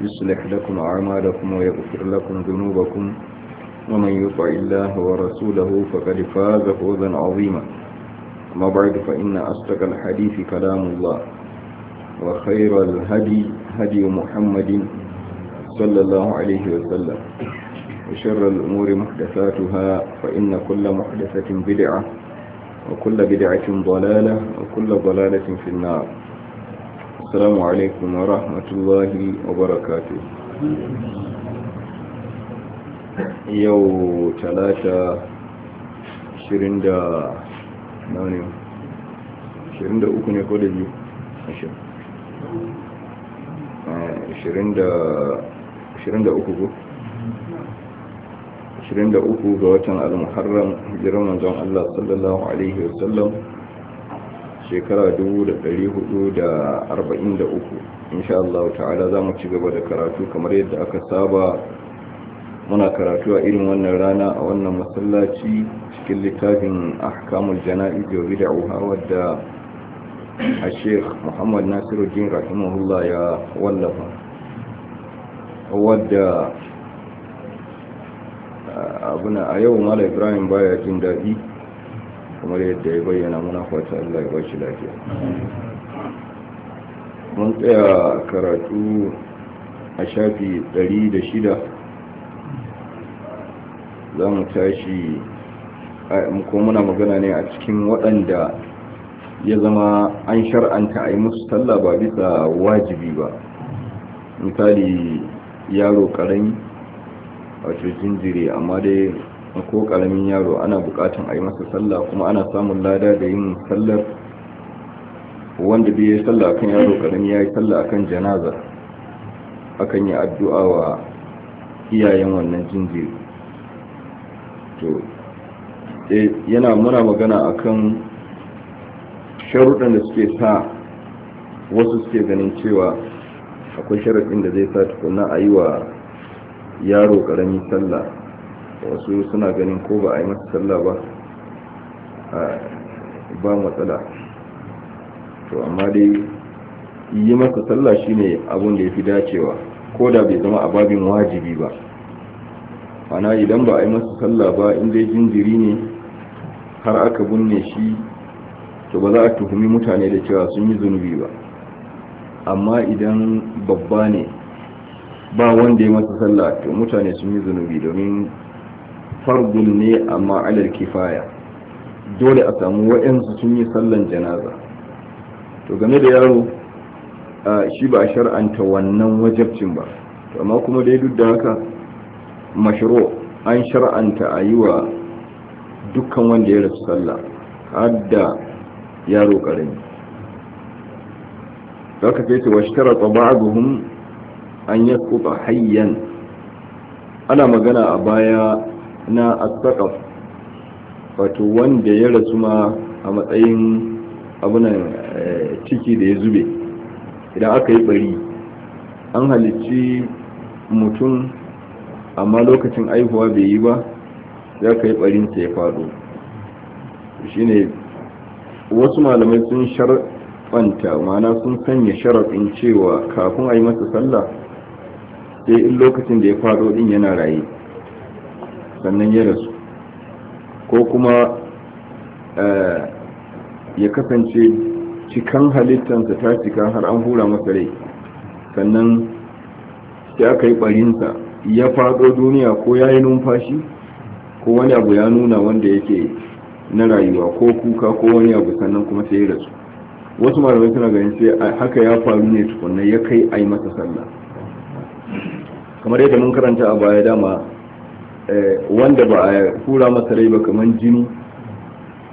يصلح لكم أعمالكم ويغفر لكم ذنوبكم ومن يطع الله ورسوله فقد فاز فوزا عظيما أما بعد فإن أصدق الحديث كلام الله وخير الهدي هدي محمد صلى الله عليه وسلم وشر الأمور محدثاتها فإن كل محدثة بدعة وكل بدعة ضلالة وكل ضلالة في النار السلام عليكم ورحمة الله وبركاته يو تلاتة شرين دا ناني شرين دا أكون يقول لي عشر شرين دا شرين دا أكو شرين دا أكو جواتا المحرم جرمان زون الله صلى الله عليه وسلم shekara 443 insha Allah ta'ala za mu ci gaba da karatu kamar yadda aka saba muna karatu a irin wannan rana a wannan masallaci cikin littafin ahkamul jana'iz wa bid'ah wadda a sheikh Muhammad Nasiruddin rahimahullah ya wallafa wadda abuna a yau Malam Ibrahim baya jin daɗi kamar yadda ya bayyana muna fata Allah ya bashi lafiya mun tsaya karatu a shafi 106 za mu tashi ko muna magana ne a cikin waɗanda ya zama an shar'anta a yi musu talla ba bisa wajibi ba misali yaro ƙarami cikin jinjiri amma dai ko karamin yaro ana bukatan a yi masa sallah kuma ana samun lada da yin sallar wanda bai yi sallah akan yaro karamin ya yi sallah akan janaza akan yi addu'a wa iyayen wannan jinjiri to yana muna magana akan sharuɗan da suke sa wasu suke ganin cewa akwai sharaɗin da zai sa tukuna a yi wa yaro ƙarami sallah wasu suna ganin ko ba a yi masa sallah ba ba matsala to amma dai yi masa sallah shine abin da ya fi dacewa ko da bai zama a babin wajibi ba ana idan ba a yi masa sallah ba in dai jinjiri ne har aka binne shi to ba za a tuhumi mutane da cewa sun yi zunubi ba amma idan babba ne ba wanda ya masa sallah to mutane sun yi zunubi domin fardun ne amma alal kifaya dole a samu waɗansu sun yi sallan janaza to game da yaro shi ba a shar'anta wannan wajabcin ba to amma kuma dai duk da haka mashiro an shar'anta a yi wa dukkan wanda ya rasu sallah har da yaro ƙarami za ka kai ce wa shitara tsabaguhun an yi hayyan ana magana a baya na asfaqaf wato wanda ya rasu ma a matsayin abunan eh, ciki da ya zube idan aka yi bari an halicci mutum amma lokacin aihuwa bai yi ba za ka yi barinsa ya faɗo shine wasu malamai sun sharfanta mana sun sanya sharafin cewa kafin a yi masa sallah sai in lokacin da ya faɗo ɗin yana raye sannan ya rasu ko kuma eh, ya kasance cikan halittansa ta cika har an hura masa rai sannan sai aka yi barinsa ya fado duniya ko ya yi numfashi ko wani abu ya nuna wanda yake na rayuwa ko kuka ko wani abu sannan kuma sai ya rasu wasu malamai suna ganin sai haka ya faru ne tukunan ya kai a yi masa sallah kamar yadda mun karanta a baya dama Eh, wanda ba a hura masa rai ba kamar jini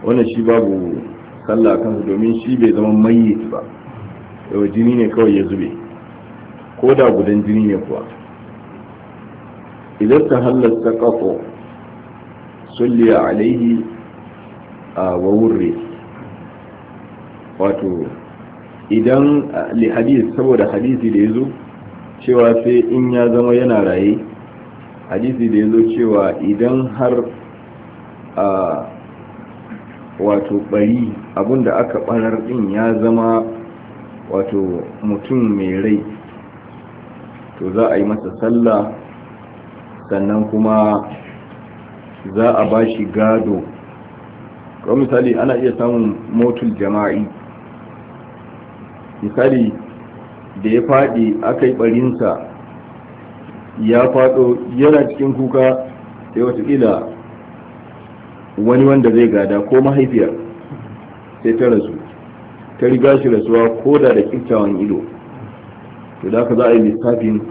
wannan shi babu sallah kansa domin shi bai zama mayyit ba yau jini ne kawai ya zube ko da gudan jini ne kuwa idan ta hallasta kafo a alaihi a wawurre wato idan li saboda hadisi da ya zo cewa sai in ya zama yana raye hadisi da ya zo cewa idan har a wato bari abinda aka barar din ya zama wato mutum mai rai to za a yi masa sallah sannan kuma za a ba shi gado kawai misali ana iya samun motul jama'i misali da ya faɗi aka yi ɓarinsa ya faɗo yana cikin kuka sai watakila wani wanda zai gada ko mahaifiyar sai ta rasu ta riga shi rasuwa ko da da kyakkyawan ido to da ka za a yi lissafin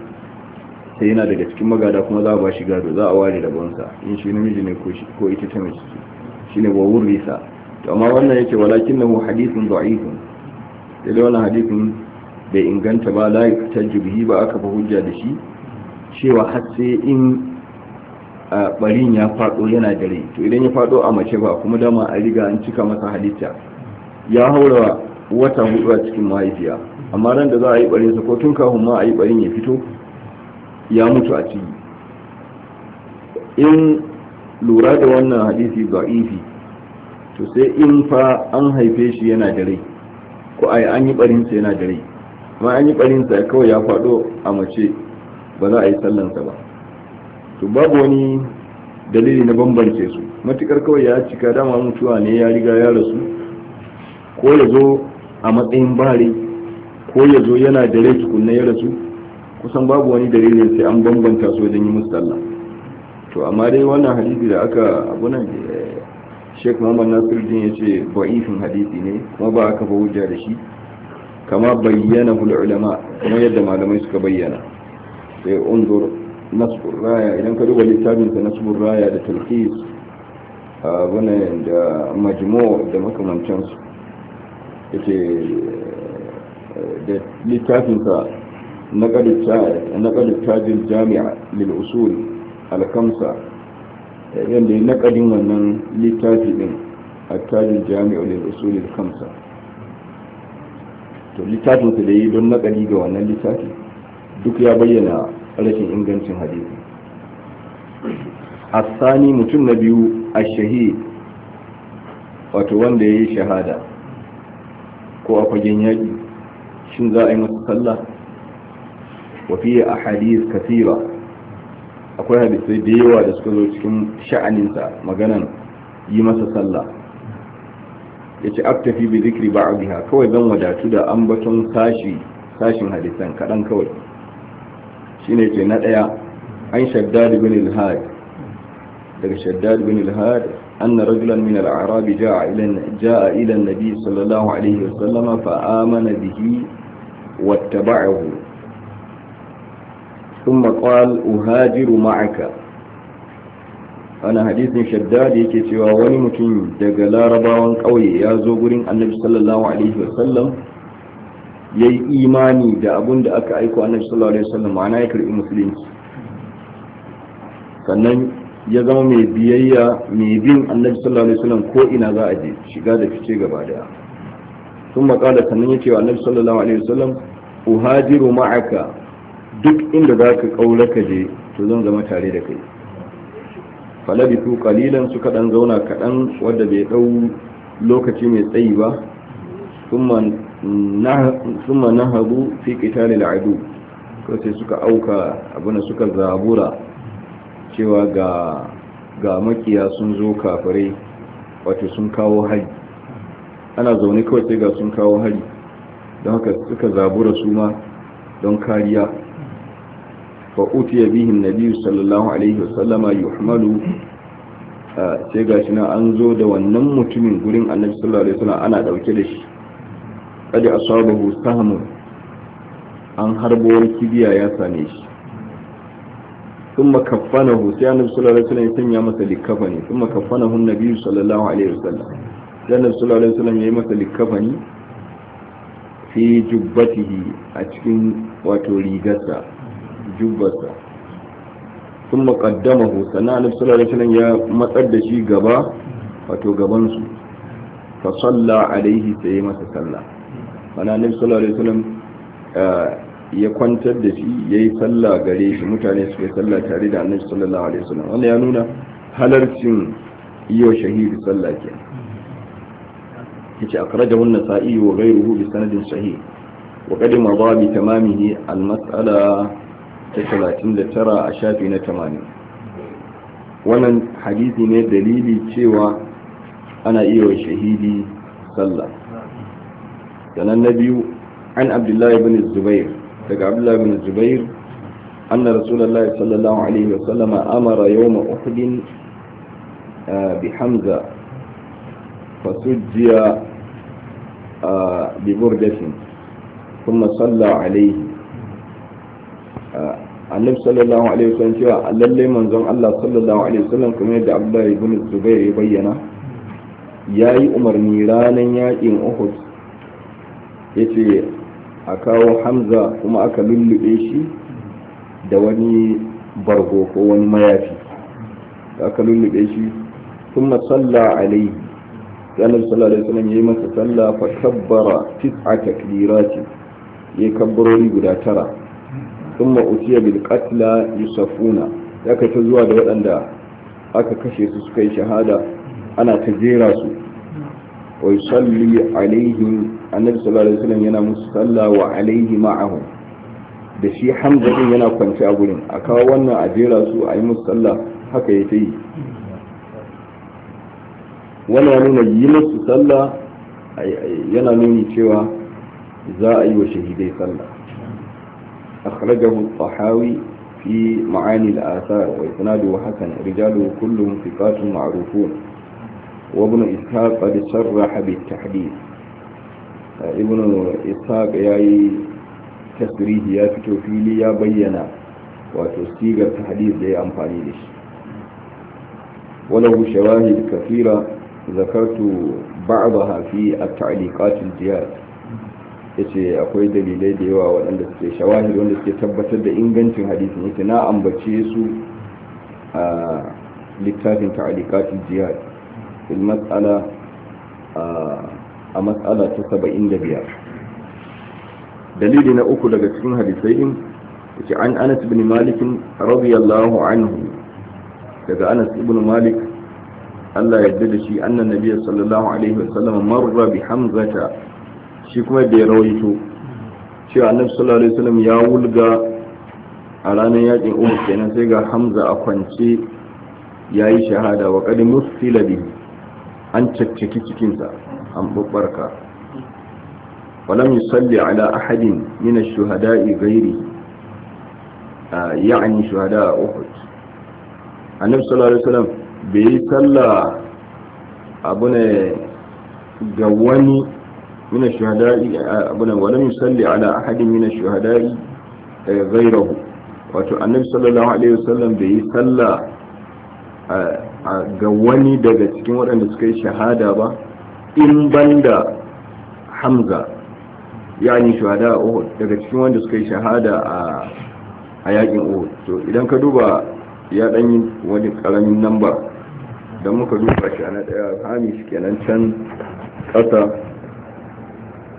sai yana daga cikin magada kuma za a ba shi gado za a ware da bonsa in shi namiji ne ko ita ta mace shi ne wa wurrisa to amma wannan yake walakin nahu hadithun da'ifun sai da wannan bai inganta ba la tajibhi ba aka fa hujja da shi cewa har sai in barin ya fado yana da to idan ya fado a mace ba kuma dama a riga an cika masa halitta ya haura wata hudu a cikin mahaifiya amma ran da za a yi barin sa ko tun kafin ma a yi barin ya fito ya mutu a ciki in lura da wannan hadisi ifi to sai in fa an haife shi yana da ko ai an yi barinsa yana da amma an yi barinsa kawai ya faɗo a mace ba za a yi sallansa ba to babu wani dalili na bambance su matukar kawai ya cika dama mutuwa ne ya riga ya rasu ko ya zo a matsayin bari ko ya zo yana da rai tukunna ya rasu kusan babu wani dalilin sai an bambanta su wajen yi musu sallah to amma dai wannan hadisi da aka abu abunan eh, sheik muhammad din ya ce ba'ifin hadisi ne kuma ba aka ba hujja da shi kama bayyana ulama kuma yadda malamai suka bayyana sai eh, unzur nasbur raya idan ka duba littafin ka nasbur raya da talqis wannan da majmu' da makamancin su yace da littafin ka naqalu tajil jami'a lil usul al khamsa yanda naqadin wannan littafi din at-tajil jami'a lil usul al khamsa to littafin ka da yi don naqali ga wannan littafi duk ya bayyana rashin ingancin hadisi asani mutum na biyu a shahid wato wanda ya yi shahada ko a fagen yaƙi shin za a yi masa sallah wafiye a hadis kasira akwai hadisai da yawa da suka zo cikin sha'aninsa maganan yi masa sallah ya ce aktafi bi zikri ba a biha kawai zan wadatu da ambaton sashi sashin hadisan kaɗan kawai shine ke na daya an shaddad bin al-had daga shaddad bin al-had anna rajulan min al-a'rab jaa ila jaa ila an-nabi sallallahu alaihi wasallam fa amana bihi wattaba'ahu ثم قال Uhajiru معك ana hadisin shaddadi yake cewa wani mutum daga larabawan ƙauye ya zo gurin annabi sallallahu alaihi wasallam ya yi imani da abin da aka aiko annabi sallallahu alaihi wasallam ma'ana ya karbi musulunci sannan ya zama mai biyayya mai bin annabi sallallahu alaihi wasallam ko ina za a je shiga da fice gaba daya sun makala sannan ya ce wa annabi sallallahu alaihi wasallam uhajiru ma'aka duk inda za ka kaula ka je to zan zama tare da kai tu kalilan suka dan zauna kadan wanda bai dau lokaci mai tsayi ba sun suma na hagu fi ƙitali al'adu ko sai suka auka abin suka zabura cewa ga makiya sun zo kafirai wato sun kawo hari ana zaune kawai sai ga sun kawo hari don haka suka zabura su ma don kariya fa utiya bihin nabi sallallahu alaihi wasallama yuhmalu ah, sai ga shi na an zo da wannan mutumin gurin annabi sallallahu alaihi wasallam ana dauke da shi qad asabahu sahmun an harbo wani kibiya ya same shi thumma hu sai annabi sallallahu alaihi wasallam ya sanya masa likafani thumma hu nabi sallallahu alaihi wasallam sai annabi sallallahu alaihi wasallam ya yi masa likafani fi jubbatihi a cikin wato rigarsa jubbarsa sun hu sannan annabi sallallahu ya matsar da shi gaba wato gabansu fa salla alaihi sai masa sallah mana annabi sallallahu alaihi wasallam eh, ya kwantar da shi ya yi sallah gare shi mutane suka yi sallah tare da annabi sallallahu alaihi wasallam wannan ya nuna halarcin iyo shahidi sallah ke yace akhrajahu an Sa'i wa ruhu bi sanadin sahih wa qad madha bi tamamihi al-mas'ala ta 39 a shafi na 80 wannan hadisi ne dalili cewa ana iya shahidi sallah كان النبي عن عبد الله بن الزبير تقى عبد الله بن الزبير أن رسول الله صلى الله عليه وسلم أمر يوم أحد آه، بحمزة فسجي آه، ببرجة ثم صلى عليه آه، النبي صلى الله عليه وسلم قال للي منزل الله صلى الله عليه وسلم كما يدعى عبد الله بن الزبير يبينه يا أمر نيران يا إن أخذ ya ce a kawo hamza kuma aka lullube shi da wani bargo ko wani mayafi aka lullube shi sun matsalla alaihi yanar sallallahu alaihi ya yi masa salla fa kabbara tis'a takbirati ya kabbarori guda tara sun ma'utiya bil qatla yusafuna ya kai ta zuwa da waɗanda aka kashe su suka yi shahada ana ta jera su wai salli alaihim annabi sallallahu alaihi yana musu wa alaihi ma'ahu da shi hamza din yana kwance a gurin a kawo wannan a jera su a yi musu sallah haka ya yi wannan nuna yi musu sallah yana nuni cewa za a yi wa shahidai sallah akhrajahu al-tahawi في معاني الآثار وإسناده حسن رجاله كلهم ثقات معروفون وابن إسحاق قد صرح بالتحديث ibn ishaq ya yi ya fito fili ya bayyana wato sigar ta hadis da ya amfani da shi walahu shawahid kafira zakartu ba'daha fi at-ta'liqat al-jihad yace akwai dalilai da yawa waɗanda suke shawahid wanda suke tabbatar da ingancin hadisin yace na ambace su a littafin ta'liqat al-jihad fil mas'ala a matsala ta saba'in da biyar dalili na uku daga cikin hadisai yake an anas bin malik radiyallahu anhu daga anas ibn malik Allah ya yarda da shi annan nabiyyi sallallahu alaihi wasallam marra bi hamzata shi kuma da ya rawaito cewa annabi sallallahu alaihi wasallam ya wulga a ranar yakin uhud kenan sai ga hamza a kwance yayi shahada wa qad musila bihi an caccaki cikinsa an babbarka walam yusalli ala ahadin min ash-shuhada'i ghairi ya'ni shuhada uhud annabi sallallahu alaihi wasallam bai salla abu ne ga wani min ash-shuhada'i abu ne walam yusalli ala ahadin min ash-shuhada'i eh, ghairahu wato annabi sallallahu alaihi wasallam bai salla ga wani daga cikin waɗanda suka yi shahada ba in banda hamza ya ni shahada a uhud daga cikin wanda suka yi shahada a yakin uhud to idan ka duba ya ɗan yi wani ƙaramin namba don muka duba shi a na ɗaya hamis kenan can ƙasa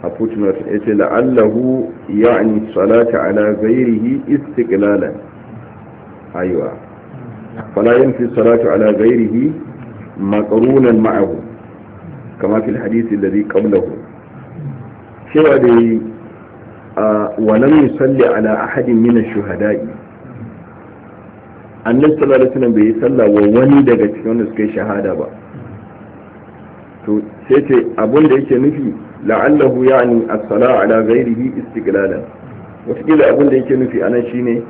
a footnote ya ce la'allahu ya'ani salata ala gairihi istiqlalan aiwa فلا ينفي الصلاة على غيره مقرونا معه كما في الحديث الذي قبله cewa da yi a walam yusalli ala ahadin min shuhada'i annabi sallallahu alaihi wasallam bai yi sallah wa wani daga cikin wanda suka yi shahada ba to sai ce abin da yake nufi la'allahu ya'ni as-sala ala ghairihi istiqlalan wata abin da yake nufi anan shine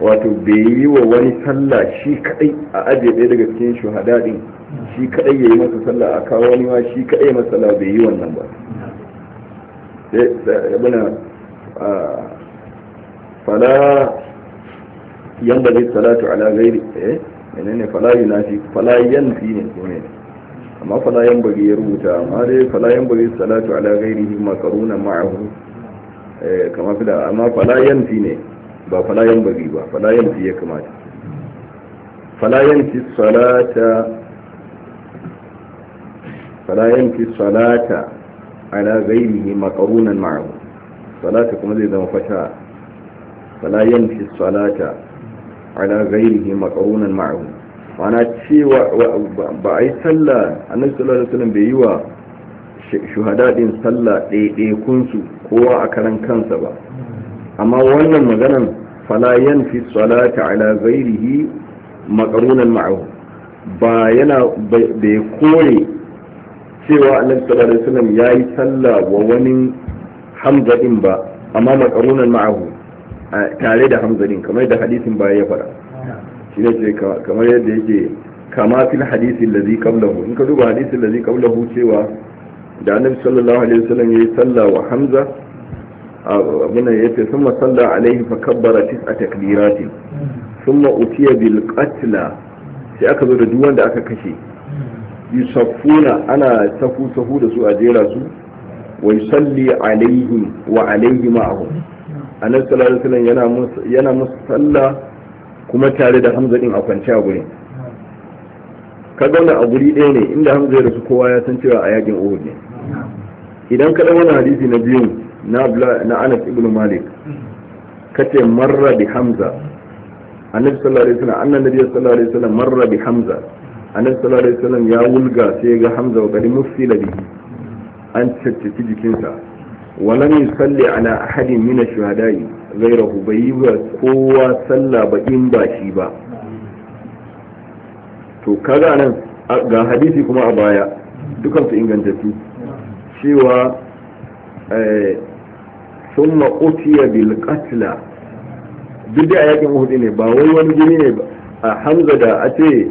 wato bai yi wa wani sallah shi kadai a ajiye ɗaya daga cikin shuhada din shi kadai ya yi masa sallah a kawo wani ma shi kadai ya masa sallah bai yi wannan ba yabana eh, fala yanda zai salatu ala gairi eh menene fala yunafi fala yanfi ne ko ne amma fala yan bari ya rubuta amma dai fala yan bari salatu ala gairihi makaruna ma'ahu eh, kamar fila amma fala yanfi ne ba falayen bari ba falayen ji ya kamata falayen ci salata falayan ci salata ala ghairihi maqrunan ma'ahu salata kuma zai zama fata falayen ci salata ala ghairihi makarunan ma'ahu ma'ana cewa ba a yi sallah annabi sallallahu alaihi wasallam bai yi wa shuhada din sallah ɗaiɗaikun su kowa a karan kansa ba amma wannan maganan fala yanfi salata ala ghairihi maqrunan ma'ahu ba yana da kore cewa annabi sallallahu alaihi wasallam yayi sallah wa wani hamza din ba amma maqrunan ma'ahu tare da hamza din kamar da hadisin baya ya fara shi ne kamar yadda yake kama fil hadisi allazi qablahu in ka duba hadisi allazi qablahu cewa da sallallahu alaihi yayi sallah wa hamza abin da yace sun masalla alaihi fa kabbara tis'a takbiratin summa utiya bil qatla sai aka zo da duk wanda aka kashe yusaffuna ana tafu tafu da su a jera su wa yusalli alaihi wa alaihi ma'ahu annabi sallallahu alaihi wasallam yana musu yana sallah kuma tare da hamza din a kwance a gurin kaga wannan a guri ɗaya ne inda hamza ya rasu kowa ya san cewa a yakin uhud ne idan ka wani hadisi na biyu na na Anas ibn Malik kace marra bi Hamza annabi sallallahu alaihi wasallam annan nabi sallallahu alaihi wasallam marra bi Hamza annabi sallallahu alaihi wasallam ya wulga sai ga Hamza wa musila bi an caccaci jikinsa walam yusalli ala ahadin min ash-shuhada'i ghayrahu bai kowa sallah ba in ba shi ba to kaga nan ga hadisi kuma a baya su ingantattu cewa summa eh, utiya bil qatla duk da yakin uhud ne ba wai wani jini ne a hamza da a ce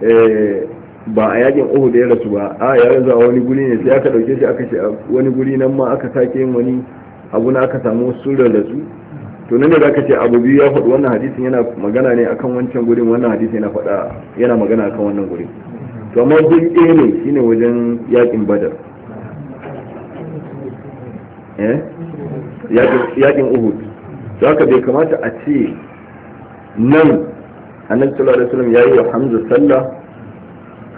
eh, ba a yakin uhud ya rasu ba a ya rasu a wani guri ne sai aka dauke shi aka shi wani guri nan ma aka sake yin wani abu na aka samu sura da su to nan da ka ce abu biyu ya faɗi wannan hadisin yana magana ne akan wancan gurin wannan hadisin yana faɗa yana magana akan wannan gurin to amma duk ɗaya ne shine wajen yakin badar Eh? yakin uhud to haka bai kamata a ce nan annabi sallallahu alaihi wasallam yayi wa hamza sallah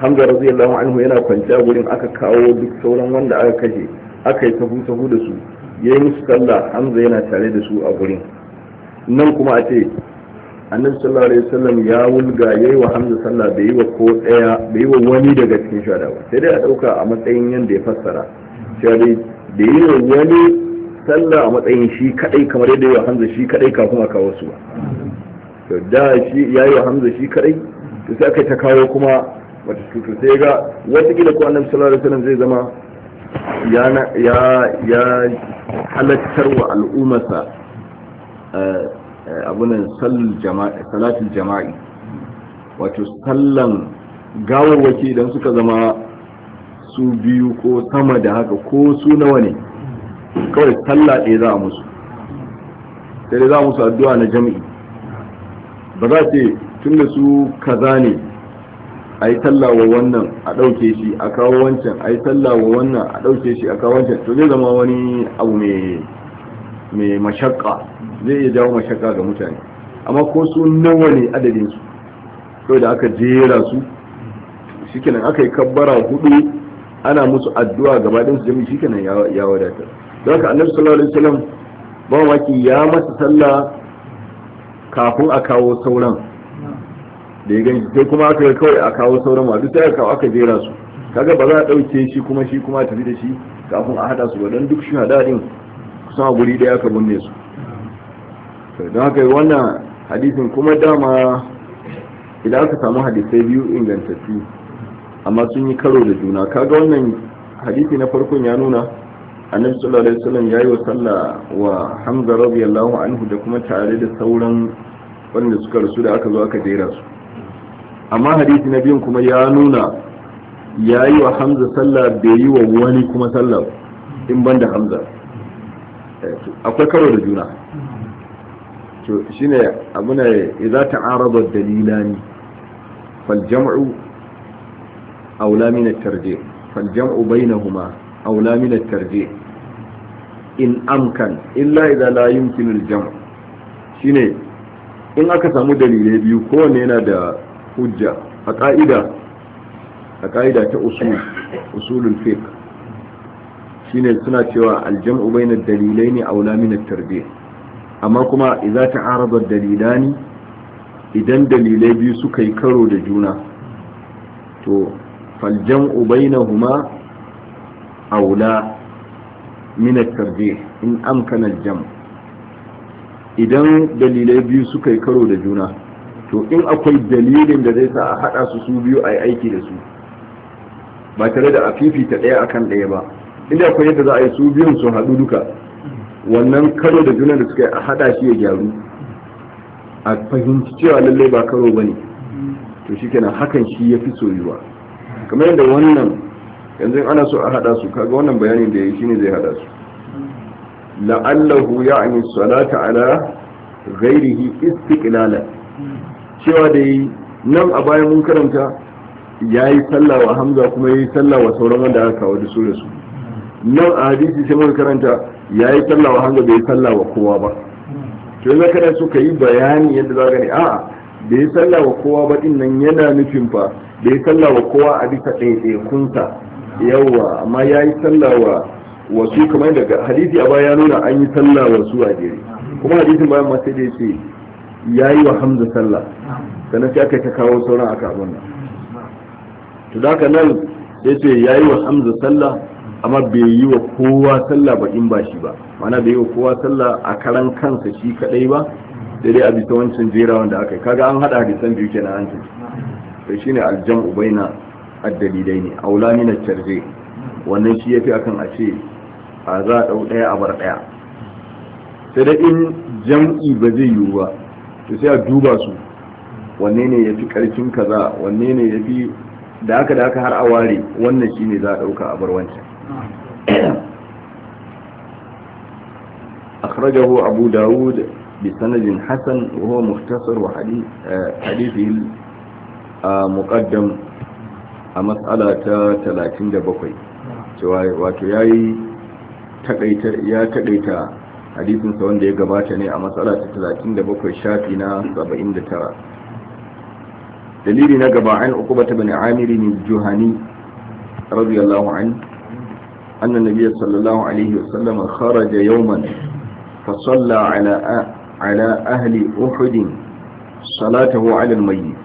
hamza radiyallahu anhu yana kwanciya gurin aka kawo duk sauran wanda aka kashe aka yi tafu tafu da su yayi musu sallah hamza yana tare da su a gurin nan kuma a ce annabi sallallahu alaihi wasallam ya wulga yayi wa hamza sallah bai yi wa ko daya bai wa wani daga cikin shahada sai dai a dauka a matsayin yanda ya fassara cewa dai da yi wa wani sallah a matsayin shi kadai kamar yadda yawa hamza shi kadai kafin a kawo su ba to da shi ya yi wa hamza shi kadai to sai aka ta kawo kuma wata cutu sai ga wata gida ko annabi sallallahu alaihi wasallam zai zama ya ya ya halattar wa al'ummarsa eh, abunan salatul jama'i wato sallan gawawwaki idan suka zama su biyu ko sama da haka ko su nawa ne kawai sallah ɗaya za a musu sai dai za a musu addu'a na jami'i ba za ce tun da su kaza ne a yi talla wa wannan a ɗauke shi a kawo wancan a yi talla wa wannan a ɗauke shi a kawo wancan to zai zama wani abu mai mashakka zai iya jawo mashakka ga mutane amma ko su nawa ne adadin su kawai da aka jera su shikenan aka yi kabbara hudu ana musu addu'a gaba ɗin su jami shi kenan ya wadata don haka annabi sallallahu alaihi wasallam ba maki ya masa sallah kafin a kawo sauran da ya ganshi sai kuma aka kawai a kawo sauran ma duk sai aka aka jera su kaga ba za a ɗauke shi kuma shi kuma tafi da shi kafin a hada su ba don duk shi haɗa kusan a guri ɗaya aka binne su don haka wannan hadisin kuma dama idan aka samu hadisai biyu ingantattu amma sun yi karo da juna kaga wannan hadisi na farkon ya nuna annabi sallallahu alaihi wasallam yayi wa sallah wa Hamza radiyallahu anhu da kuma tare da sauran wanda suka rasu da aka zo aka jera su amma hadisi na biyun kuma ya nuna yayi wa Hamza sallah bai yi wa wani kuma salla in banda Hamza akwai karo da juna to shine abuna idza ta'arada dalilani fal jam'u أولى من الترجيع فالجمع بينهما أولى من الترجيع in amkan illa إذا لا يمكن الجمع شيني in aka samu dalilai biyu دا yana da hujja a أصول شيني ta شواء الجمع بين الدليلين suna cewa aljam'u bainad ne aula amma kuma idza ta'arada dalilani idan dalilai biyu suka yi karo da juna to فالجمع بينهما أولى من الترجيح إن أمكن الجمع idan dalilai biyu suka yi karo da juna to in akwai dalilin da zai sa a haɗa su su biyu a yi aiki da su ba tare da a fifita ɗaya akan ɗaya ba inda akwai yadda za a yi su biyun su haɗu duka wannan karo da juna da suka yi a haɗa shi ya gyaru a fahimci cewa lallai ba karo ba ne to shi hakan shi ya fi soyuwa kamar yadda wannan yanzu ana so a hada su kaga wannan bayanin da yayi shine zai hada su la'allahu ya'ni salata ala ghairihi istiqlala cewa da yi nan a bayan mun karanta yayi sallah wa hamza kuma yayi sallah wa sauran wanda aka kawo da su da su nan a hadisi sai mun karanta yayi sallah wa hamza bai sallah wa kowa ba to yanzu kana so ka yi bayani yadda za ka ne a'a da ya salla wa kowa baɗin nan yana nufin fa da ya salla wa kowa a bisa kunsa yawa amma ya yi salla wa wasu kamar daga hadisi a baya nuna an yi salla wa su a jere kuma hadisin bayan masu da ce ya yi wa hamza salla sannan sai aka ta kawo sauran aka abun nan to da haka nan sai ce ya yi wa hamza salla amma bai yi wa kowa sallah ba in ba shi ba mana bai yi wa kowa sallah a karan kansa shi kadai ba sai dai a bisa wancan jera wanda aka yi kaga an hada hadisan biyu kenan an ce sai shine aljam'u baina dai ne aula min at-tarjih wannan shi yafi akan a ce a za a dau daya a bar daya sai dai in jam'i ba zai yiwu ba to sai a duba su wanne ne yafi karfin kaza wanne ne yafi da haka da haka har a ware wannan shine za a dauka a bar wancan أخرجه أبو داود بسند حسن وهو مختصر وحديث مقدم a matsala ta 37 wato ya yi ya taƙaita hadisinsa wanda ya gabata ne a matsala ta 37 shafi na 79 dalili na gaba an uku bata bane amirin juhani radiyallahu an annan nabiya sallallahu alaihi wasallama kharaja yawman fasalla على أهل أحد صلاته على الميت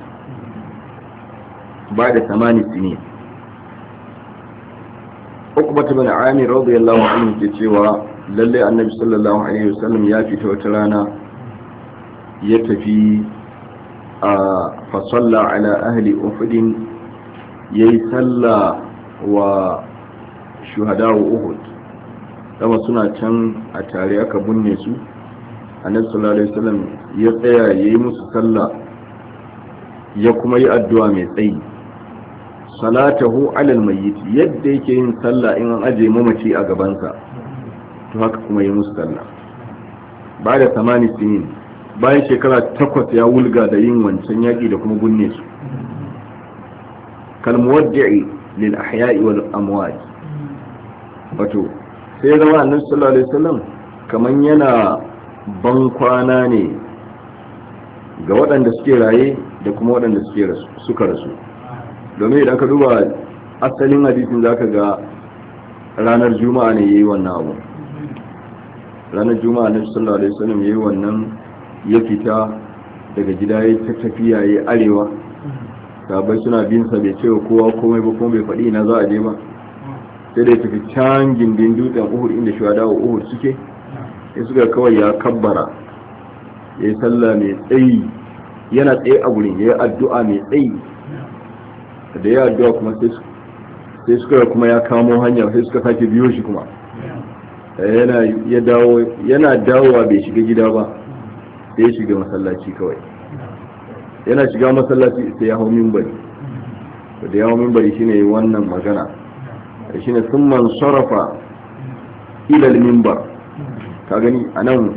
بعد ثمان سنين عقبة بن عامر رضي الله عنه تتوى للي النبي صلى الله عليه وسلم يافي توترانا يتفي فصلى على أهل أحد يسلى وشهداء أحد لما سنة كان أتاريك بنيسو annabi sallallahu alaihi wasallam ya tsaya yayi musu sallah ya kuma yi addu'a mai tsayi salatahu alal mayyit yadda yake yin sallah in an aje mamaci a gabansa to haka kuma yi musu sallah ba da tamani sinin bayan shekara takwas ya wulga da yin wancan yaƙi da kuma gunne su kalmuwaddi'i lil ahya'i wal amwat wato sai zama annabi sallallahu alaihi wasallam kaman yana ban kwana ne ga waɗanda suke raye da kuma waɗanda suka rasu domin idan ka duba asalin hadisin za ka ga ranar juma'a ne ya yi wannan abu ranar juma'a na sallallahu alaihi wasallam ya yi wannan ya fita daga gida ya ta tafiya ya arewa sabai suna bin sa bai cewa kowa komai ba kuma bai faɗi na za a je ba sai da ya tafi can gindin dutsen uhud inda shuhada wa uhud suke sai suka kawai ya kabbara ya yi sallah mai tsayi yana tsaye a wurin ya yi addu'a mai tsayi da ya addu'a kuma sai suka kuma ya kamo hanya sai suka sake biyo shi kuma eh, yana dawowa bai shiga gida ba sai ya shiga masallaci kawai yana shiga masallaci sai ya hau mimbari da ya hau mimbari shine wannan magana ne sun man sarrafa ilal mimbar ka gani a nan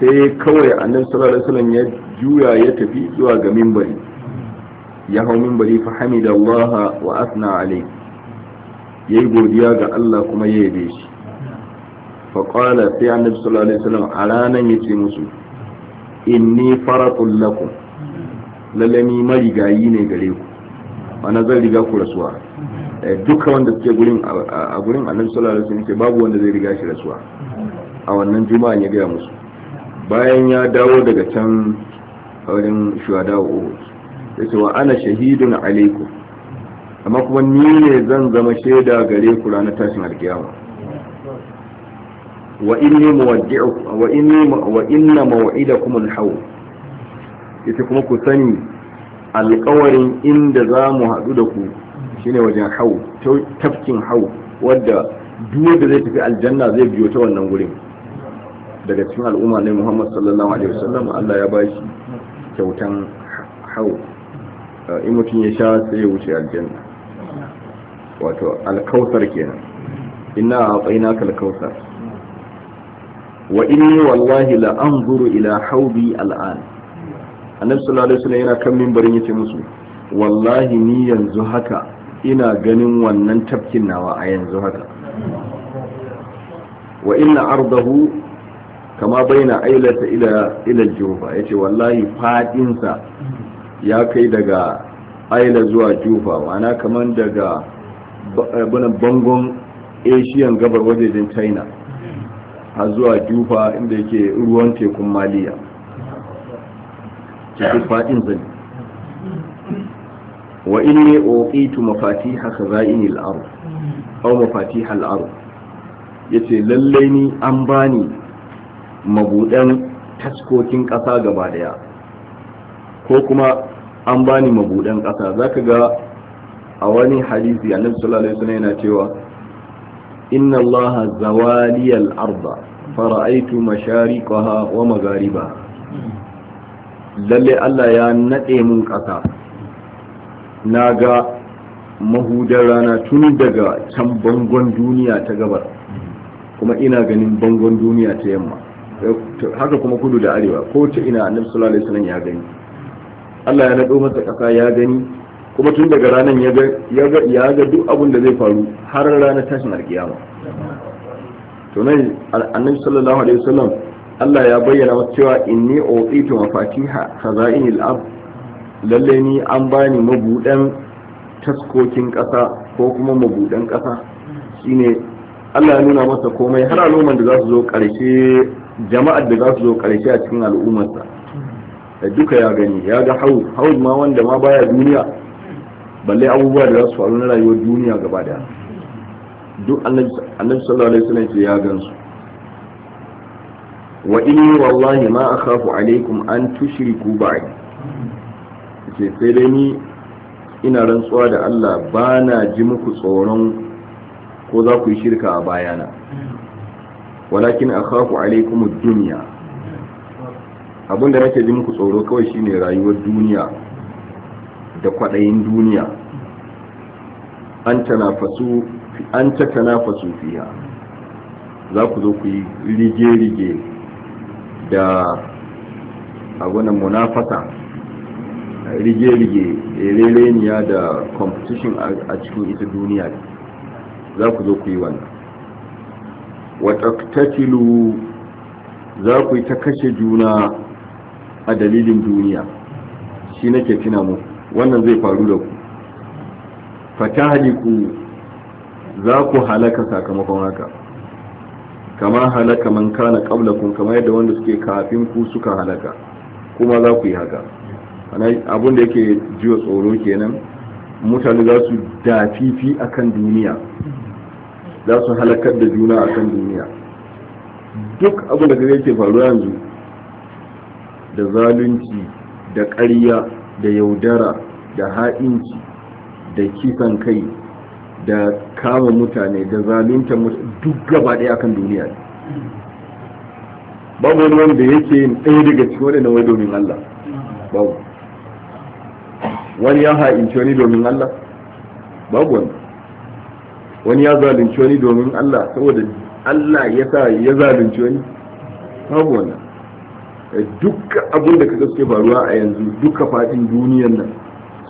sai kawai annan sallallahu salon ya juya ya tafi zuwa ga mimbari ya hau mimbari fa allah wa asna ya yi godiya ga Allah kuma ya yabe shi faƙwala sai a nan alaihi wasallam a ranar ya ce musu inni fara lakum lalami ni marigayi ne gare ku ana zan riga ku rasuwa eh, duka wanda suke gurin a gurin annabi sallallahu alaihi wasallam babu wanda zai riga shi rasuwa a wannan juma'an ya gaya musu bayan ya dawo daga can wurin shuhada wa ya ce wa ana shahidun alaiku amma kuma ni ne zan zama shaida gare ku ranar tashin alkiyama wa inni muwaddi'u wa inni wa inna maw'idakum kuma ku sani alƙawarin inda za mu haɗu da ku shine wajen hau tafkin hau wadda duk da zai tafi aljanna zai biyo ta wannan gurin daga cikin al'umma ne Muhammad sallallahu alaihi wasallam Allah ya bashi kyautan hau in mutum ya sha sai ya wuce aljanna wato alkausar kenan Ina inna a'tainaka alkausar wa inni wallahi la anzuru ila hawbi al'an annabi sallallahu alaihi wasallam yana kan minbarin yace musu wallahi ni yanzu haka ina ganin wannan tafkin nawa a yanzu haka wa inna ardahu kama baina ailata ila ila jufa yace wallahi fadin ya kai daga aila zuwa jufa ma'ana kaman daga bunan bangon asian gabar wajejen china a zuwa jufa inda yake ruwan tekun maliya cikin fadin sa ne wa inni uqitu mafatiha khaza'in al aw mafatiha al-ard yace lallai ni an bani mabuɗan taskokin ƙasa gaba ɗaya ko kuma an bani mabuɗan ƙasa za ka ga a wani hadisi annabi sallallahu alaihi wasallam yana cewa inna allaha zawaliyal arda fara'aitu mashariqaha wa magariba, lalle Allah ya nade mun ƙasa Na ga mahudar rana tun daga can bangon duniya ta gabar kuma ina ganin bangon duniya ta yamma Eh, haka kuma kudu da arewa ko ta ina annab sallallahu alaihi wasallam ya gani Allah ya nado masa kasa ya gani kuma tun daga ranar ya ga ya ga duk abin da zai faru har ranar tashin alkiyama to nan annabi sallallahu alaihi wasallam Allah ya bayyana masa cewa inni utitu mafatiha khazainil ard lalle ni an bani mabudan taskokin kasa ko kuma mabudan kasa shine Allah ya nuna masa komai har aloman da za su zo ƙarshe jama'ar da za su zo karshe a cikin al'ummarsa duka ya gani ya ga hau hau ma wanda ma baya duniya balle abubuwa da za su faru na rayuwar duniya gaba daya duk annabi sallallahu alaihi wasallam ya gansu wa inni wallahi ma akhafu alaikum an tushriku ba'di ce sai dai ni ina rantsuwa da Allah bana ji muku tsoron ko za ku yi shirka a bayana walakin akhafu alaikum ad-dunya abinda nake ji muku tsoro kawai shine rayuwar duniya da kwadayin duniya Anta nafasu anta tanafasu fiha za ku zo ku yi rige-rige da abunan munafasa rige-rige rereniya da competition a cikin ita duniya za ku zo ku yi wannan wa taqtatilu za ku ta kashe juna a dalilin duniya shi nake tuna mu wannan zai faru da ku fatahliku za ku halaka sakamakon haka kama halaka man kana qablakum kama yadda wanda suke kafin ku suka halaka kuma za ku yi haka abin da yake jiwa tsoro kenan mutane za su dafifi akan duniya za su halakar da juna a kan duniya duk abin da gare ke faruwa yanzu da zalunci da ƙarya da yaudara da ha'inci da kisan kai da kama mutane da zalunta duk gaba ɗaya akan duniya ne babu wani wanda yake yin ɗaya daga cikin waɗannan wai domin Allah babu wani ya ha'inci wani domin Allah babu wani wani ya zalunci wani domin Allah saboda Allah ya sa ya zalunci wani babu wannan eh, duk abin da kaga suke faruwa a yanzu duka fadin duniyar nan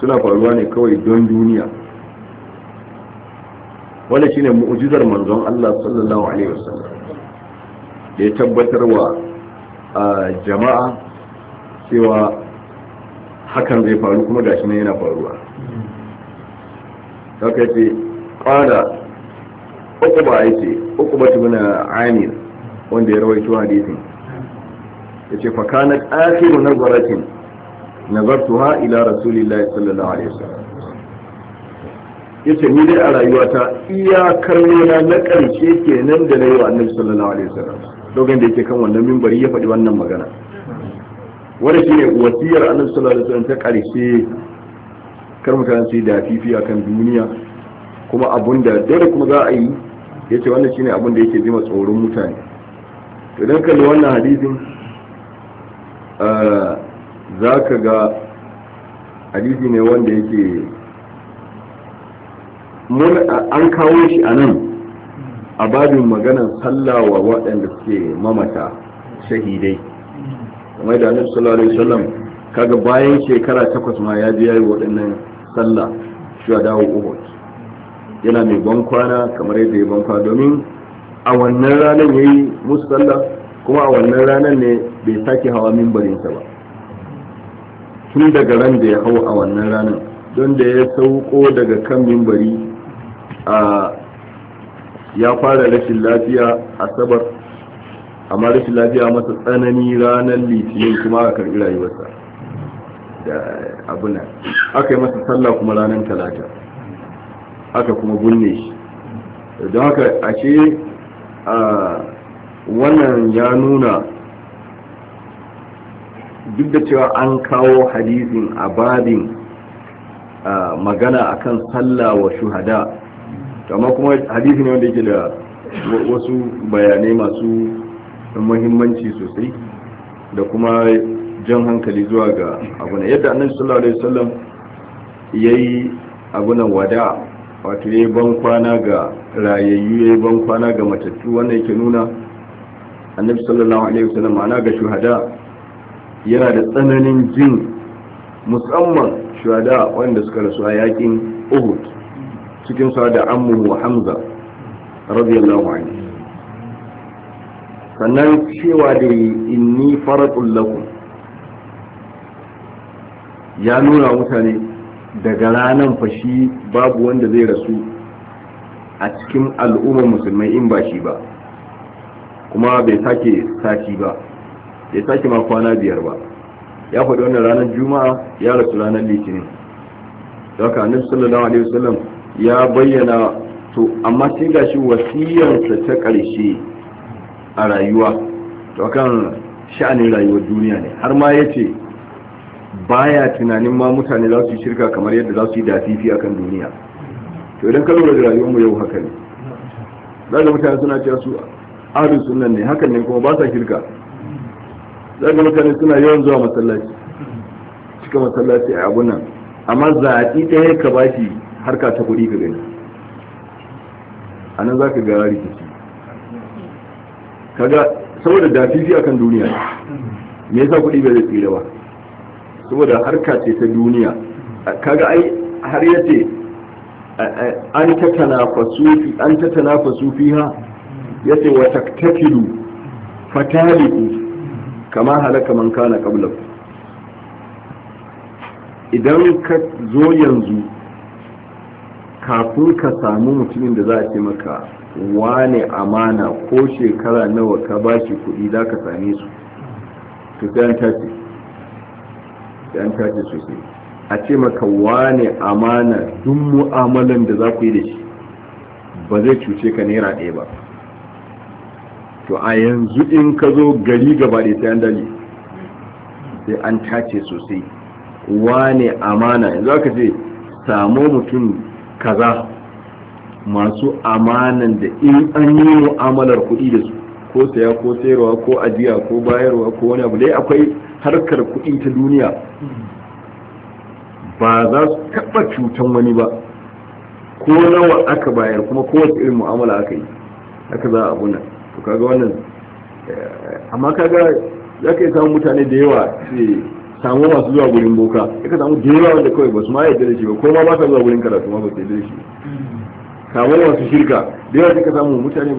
suna faruwa ne kawai don duniya wannan shine mu'jizar manzon Allah sallallahu alaihi wasallam da ya tabbatar wa jama'a cewa hakan zai faru kuma gashi nan yana faruwa haka ce qala uku ba ya ce uku ba tubuna amir wanda ya rawaito hadisin ya ce fakanat Na nazaratin ha ila Rasulillah sallallahu alaihi wasallam ce ni dai a rayuwata iyakar nuna na ƙarshe kenan da na yi wa annabi sallallahu alaihi wasallam dogon da yake kan wannan mimbari ya faɗi wannan magana wanda shine wasiyar annabi sallallahu alaihi wasallam ta ƙarshe kar mutane su yi da fifi akan duniya kuma abun da dole kuma za a yi ya ce wannan shine abin da yake jima tsoron mutane idan kalli wannan hadisin za ka ga hadisi ne wanda yake an kawo shi a nan a babin maganan sallah wa waɗanda suke mamata shahidai kamar da annabi sallallahu alaihi wasallam kaga bayan shekara takwas ma ya je yayi waɗannan sallah shuhada dawo uhud yana mai ban kwana kamar yadda ya bankwana domin a wannan ranar ya yi musu sallah kuma a wannan ranar ne bai sake hawa mimbarinsa ba tun daga ran da ya hau a wannan ranar don da ya sauko daga kan mimbari a ya fara rashin lafiya asabar amma rashin lafiya masa tsanani ranar litinin kuma a karbi rayuwarsa da abuna aka yi masa sallah kuma ranar talata aka kuma gunne shi don haka ashe a wannan ya nuna duk da cewa an kawo hadisin a babin magana akan sallah wa shuhada amma kuma hadisi ne wanda yake da wasu bayanai masu muhimmanci sosai da kuma jan hankali zuwa ga abu. yadda annabi sallallahu alaihi wasallam yayi abunan wada wato ya ban kwana ga rayayyu ya ban kwana ga matattu wannan yake nuna annabi sallallahu alaihi wasallam ma'ana ga shuhada yana da tsananin jin musamman shuhada wanda suka rasu a yakin uhud cikin sa da ammu hamza radiyallahu anhu sannan cewa da inni faratul lakum ya nuna mutane daga ranar fashi babu wanda zai rasu a cikin al'ummar musulmai in ba shi ba kuma bai sake sati ba bai sake ma kwana biyar ba ya faɗi wannan ranar juma'a ya rasu ranar litinin daga annabi sallallahu alaihi wasallam ya bayyana to amma sai gashi wasiyarsa ta ƙarshe a rayuwa to kan sha'anin rayuwar duniya ne har ma yace baya tunanin ma mutane za su yi shirka kamar yadda za su yi dafifi akan duniya to idan ka lura da mu yau haka ne Za ga mutane suna cewa su ahlus sunnan ne hakan ne kuma ba sa shirka ga mutane suna yawan zuwa masallaci cika masallaci a abun nan amma zaɓi yi ka bashi harka ta kuɗi ka gani a nan za ka gara rikici kaga saboda dafifi akan duniya me yasa kuɗi bai zai tsira ba saboda harka ce ta duniya kaga ai har yace an ta tanafasu fi an ta tanafasu ha yace wa taktakilu fataliku kama halaka man kana qablakum idan ka zo yanzu kafin ka samu mutumin da za a ce maka wane amana ko shekara nawa ka bashi kuɗi za ka same su to sai an tashi sai an sosai a ce maka wane amana duk mu'amalan da za ku yi da shi ba zai cuce ka naira ɗaya ba to a yanzu in ka zo gari gaba da sai an dali sai an tace sosai wane amana yanzu aka ce samu mutum kaza masu amanan da in an yi mu'amalar kuɗi da su ko saya ko sayarwa ko ajiya ko bayarwa ko wani abu dai akwai harkar kuɗi ta duniya ba za su taɓa cutan wani ba ko nawa aka bayar kuma kowace irin mu'amala aka yi haka za a abuna to kaga wannan eh, amma kaga za ka yi samun mutane da yawa ce samu masu zuwa gurin boka ya ka samu da yawa wanda kawai ba su ma yadda da shi ba ko ma ba ka zuwa gurin karatu ma ba su yadda da shi samu masu shirka da yawa ka samu mutane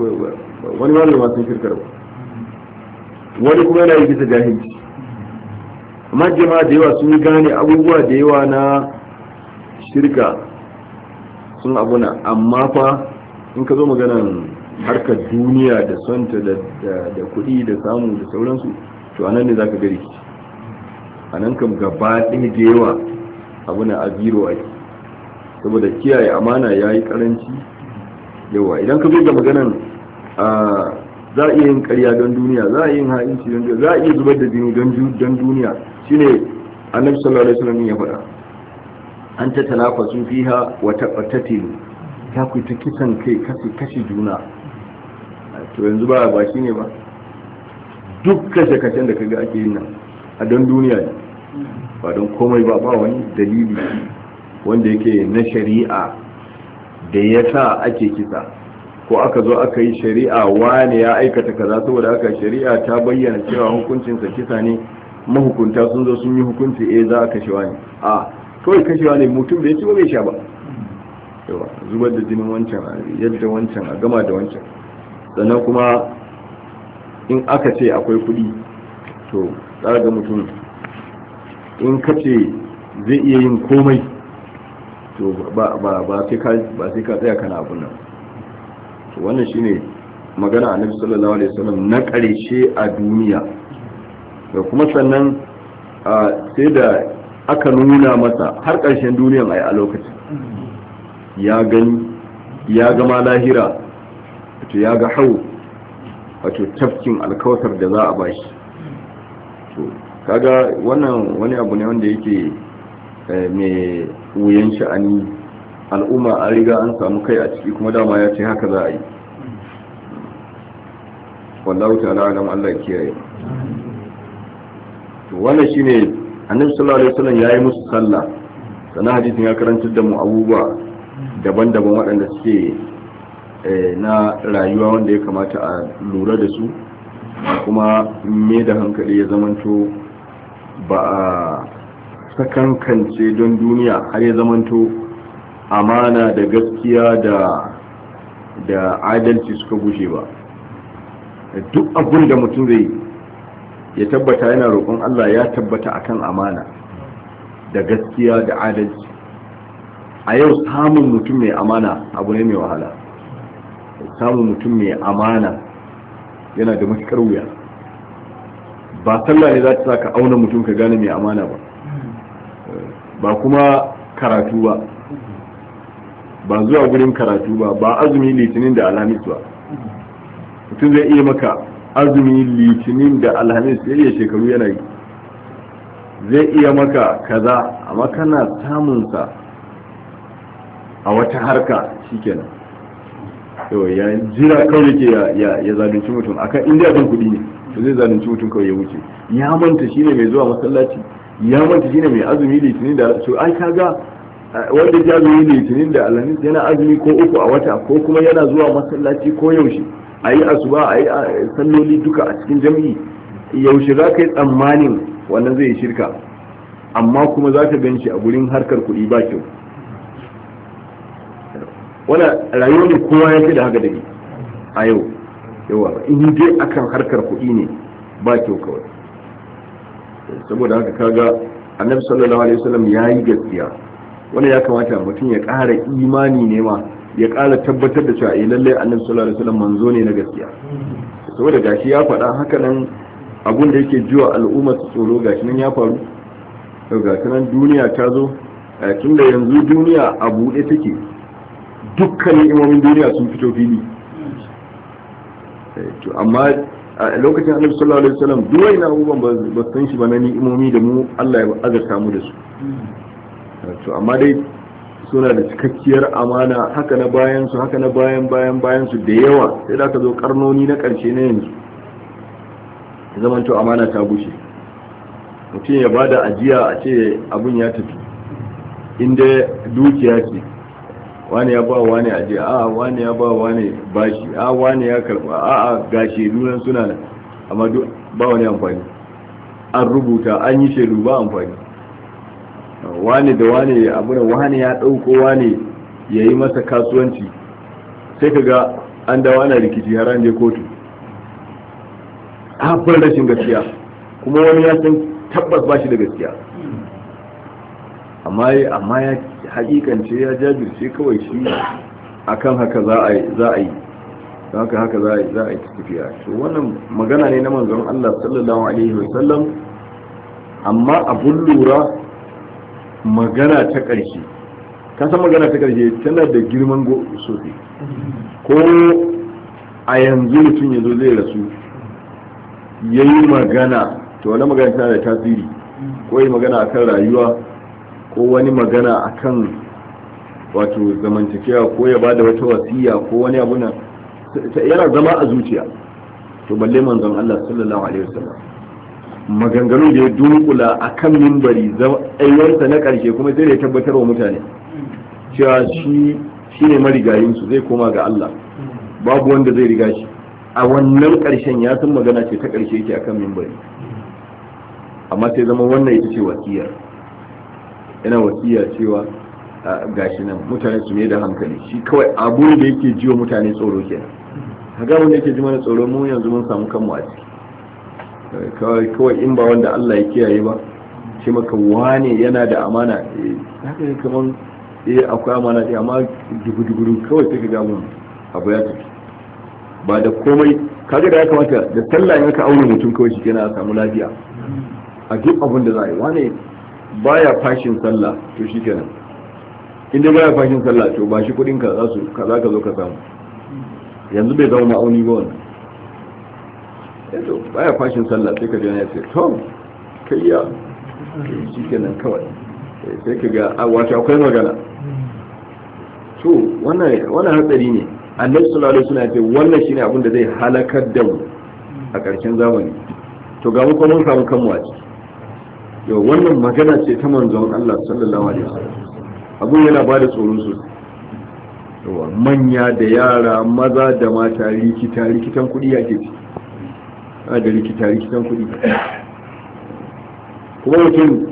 wani wani masu shirkar ba wani kuma yana yi kisa jahilci amma jama'a da yawa sun gane abubuwa da yawa na shirka sun abuna amma fa in ka zo maganan harkar duniya da sonta da kuɗi da samu da sauransu to anan ne za ka gari anan kam gaba ɗaya da yawa abuna a biro ake saboda kiyaye amana ya yi karanci yawa idan ka zo da maganan za a iya yin karya don duniya za a iya yin ha'inci don duniya za a iya zubar da jini don duniya shine annabi sallallahu alaihi wasallam ya faɗa an ta talafasu fiha wa tabbatati ta ku ta kisan kai kashi kashi juna to yanzu ba ba shine ba duk kashe kashen da kaga ake yin nan a don duniya ne ba don komai ba ba wani dalili wanda yake na shari'a da ya sa ake kisa ko aka zo aka yi shari'a wane ya aikata kaza saboda aka shari'a ta bayyana cewa hukuncinsa kisa ne mahukunta sun zo sun yi hukunci eh za a kashewa ne a kawai kashewa ne mutum da ya ci ba bai sha ba yawa zubar da jinin wancan a yadda wancan a gama da wancan sannan kuma in aka ce akwai kuɗi to ga mutum in ka ce zai iya yin komai to ba sai ka tsaya kana abun nan to wannan shine magana annabi sallallahu alaihi wasallam na ƙarshe a duniya da kuma sannan sai da aka nuna masa har ƙarshen duniyan ai a lokacin ya gani ya ga ma lahira wato ya ga hau wato tafkin alkawasar da za a bashi to kaga wannan wani abu ne wanda yake eh, mai wuyan sha'ani al'umma a riga an samu kai a ciki kuma dama ya ce haka za a yi wallahu ta'ala alam Allah kiyaye wannan shine annabi sallallahu alaihi wasallam yayi musu sallah sanan hadisin ya karantar da mu abubuwa daban-daban waɗanda suke eh, na rayuwa wanda ya kamata a lura da su kuma me da hankali ya zamanto ba a sakankance don duniya har ya zamanto amana da gaskiya da da adalci suka gushe ba duk abin da mutum zai ya tabbata yana roƙon Allah ya tabbata a kan amana da gaskiya da adalci a yau samun mutum mai amana abu ne mai wahala samun mutum mai amana yana da matuƙar wuya ba sallah ne za ta ka auna mutum ka gane mai amana ba ba kuma karatu ba ba zuwa gurin karatu ba ba azumi litinin da alhamis ba mutum zai iya maka azumi litinin da alhamis ya iya shekaru yana yi zai iya maka kaza amma kana samunsa a wata harka shikenan yau ya jira kawai ke ya zalunci mutum akan inda abin kuɗi ne to zai zalunci mutum kawai ya wuce ya manta shine mai zuwa masallaci ya manta shine mai azumi litinin da to ai kaga eh, wanda ya azumi litinin da alhamis yana azumi ko uku a wata ko kuma yana zuwa masallaci ko yaushe a yi asuba a yi salloli duka a cikin jam'i yaushe za ka yi tsammanin wannan zai yi shirka amma kuma za ka ganshi a gurin harkar kuɗi ba kyau Wani rayuwar ne kowa ya da haka da a yau yawa in dai akan harkar kuɗi ne ba kyau kawai saboda haka kaga annabi sallallahu alaihi wasallam ya yi gaskiya wani ya kamata mutum ya ƙara imani ne ma ya ƙara tabbatar da cewa eh, lallai annabi sallallahu alaihi wasallam manzo ne na gaskiya saboda gashi ya faɗa haka nan abun da yake jiwa al'umma su tsoro gashi nan ya faru gashi nan duniya ta zo eh, tunda yanzu duniya a buɗe take dukkan imomin duniya sun fito fili eh, amma a lokacin annabi sallallahu alaihi wasallam duk wani abubuwan ba san shi ba na imomi da mu Allah ya azarta mu da su hmm. to amma dai suna da cikakkiyar amana haka na bayan su haka na bayan bayan bayan su da yawa sai da ka zo karnoni na karshe na yanzu zaman to amana ta gushe mutum ya bada ajiya a ce abun ya tafi inda dukiya ce wani ya ba wani ajiya a wani ya ba wani bashi a wani ya karba a a ga shedunan suna nan amma ba wani amfani an rubuta an yi shedu ba amfani wani da wani abuna wani ya ɗauko wani ya yi masa kasuwanci sai ka ga an dawo ana rikici har an je kotu fara rashin gaskiya kuma wani ya san tabbas ba shi da gaskiya amma amma ya hakikance ya jajirce kawai shi akan haka za a yi za a yi haka haka za a yi za a yi tafiya to wannan magana ne na manzon Allah sallallahu alaihi wasallam amma abun lura magana ta ƙarshe kasan magana ta ƙarshe tana da girman sosai ko a yanzu mutum ya zo zai rasu ya yi magana to wani magana tana da tasiri ko yi magana akan rayuwa ko wani magana akan wato zamantakewa ko ya da wata wasiya ko wani abu na yana zama a zuciya to balle manzon Allah sallallahu alaihi wasallam maganganun da ya dunkula a kan mimbari ayyarsa na ƙarshe kuma sai da ya tabbatar wa mutane cewa shi shi ne marigayinsu zai koma ga Allah babu wanda zai riga shi a wannan ƙarshen ya san magana ce ta ƙarshe yake a kan mimbari amma sai zama wannan ita ce wasiyar yana wasiya cewa gashi nan mutane su ne da hankali shi kawai abu da yake jiwa mutane tsoro kenan kaga wanda yake ji mana tsoro mu yanzu mun samu kanmu a ciki kawai in ba wanda Allah ya kiyaye ba shi maka wane yana da amana eh, haka kai kamar eh akwai amana ya amma dubu-dubu kawai sai ka gamu abu ya tafi ba da komai kaga da ya kamata da sallah ya ka aure mutum kawai shi kenan a samu lafiya a duk abin da za a yi wane baya fashin sallah to shi kenan in dai baya fashin sallah to ba shi kuɗin ka za ka zo ka samu yanzu bai zama ma'auni ba wannan yato eh baya fashin sallah sai ka gane Tom to kayya shi kenan kawai eh, sai ka ga wata akwai magana to wannan hatsari ne annabi sallallahu alaihi wasallam ce wannan shine abin da zai halakar da mu a ƙarshen zamani to ga mu kuma mun samu kanmu a ciki yau wannan magana ce ta manzon Allah sallallahu alaihi wasallam abun yana ba da tsoron su yawa manya da yara maza da mata rikita rikitan kuɗi yake ci da rikita likitan kudi kuma mutum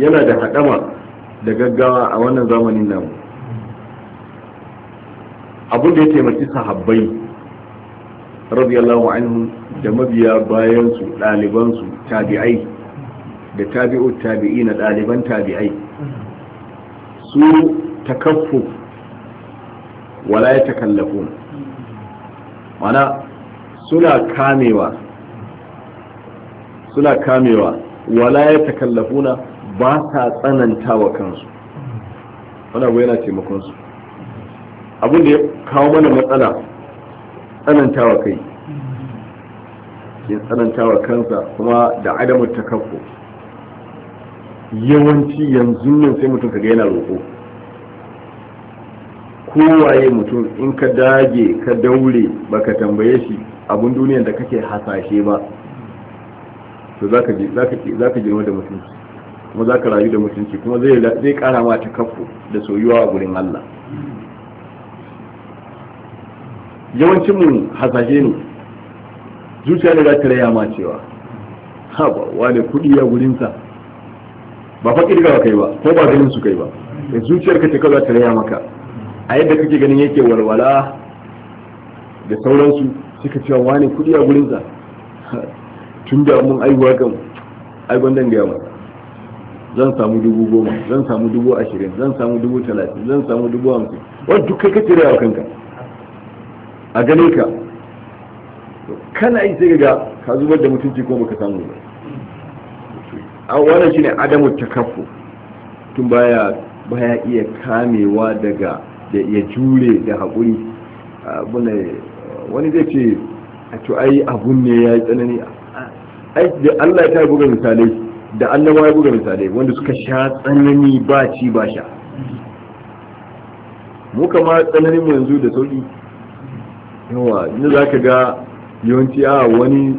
yana da haɗama da gaggawa a wannan zamanin namu abin da ya taimaki sahabbai radiyallahu anhu da mabiya bayansu ɗalibansu tabi'ai da tabi'u tabi'i na ɗaliban tabi'ai su takaffu wala ya takallafu mana suna kamewa suna kamewa wala ya takallafuna ba sa tsananta wa kansu wani abu yana taimakon su abin da ya kawo mana matsala tsananta wa kai ya tsananta wa kansa kuma da adamun takaffu yawanci yanzu nan sai mutum ga yana roƙo kowaye mutum in ka dage ka daure baka tambaye shi abun duniyan da kake hasashe ba to zaka ji zaka ji zaka ji da mutunci kuma zaka rayu da mutunci kuma zai zai kara ma kafu da soyuwa a gurin Allah yawancin mu hasashe ne zuciya da za ta raya ma cewa ha ba wani kudi ya gurin sa ba fa kirga kai ba ko ba ganin su kai ba da zuciyar ka ta kaza ta raya maka a yadda kake ganin yake walwala da sauransu suka cewa wani kudi a gurinsa tun da mun aiwa kan aigon nan gaya zan samu dubu goma zan samu dubu ashirin zan samu dubu talatin zan samu dubu hamsin wani duk kai kace rawa kanka a gane ka kana yi sai ga ka zubar da mutunci ko baka samu ba a wannan shine adamu kafu tun baya baya iya kamewa daga da ya jure da haƙuri ne wani zai ce a to ai abun ne ya yi tsanani ai da Allah ya buga misalai da annabawa ya buga misalai wanda suka sha tsanani ba ci ba sha mu kama tsananin yanzu da sauki yawa inda za ka ga yawanci a wani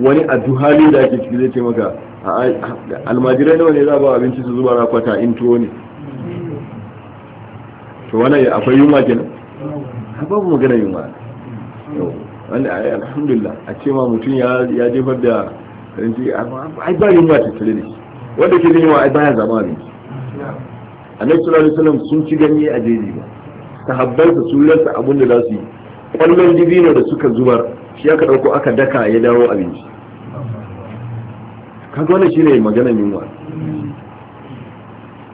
wani a duhali da ake ciki zai ce maka almajirai nawa ne za ba abinci su zuba rafata in tuwo ne to wani akwai yunwa kenan babu magana yunwa wanda ai eh, alhamdulillah a ce ma mutum ya jefar da A ai ba yunwa tattare da wanda ke da a ai baya zama ne a sallallahu alaihi wasallam sun ci ganye a jeji ba sahabbai su sun rasa abin da za su yi kwallon dibino da suka zubar shi aka ɗauko aka daka ya dawo abinci kaga wannan ne magana yunwa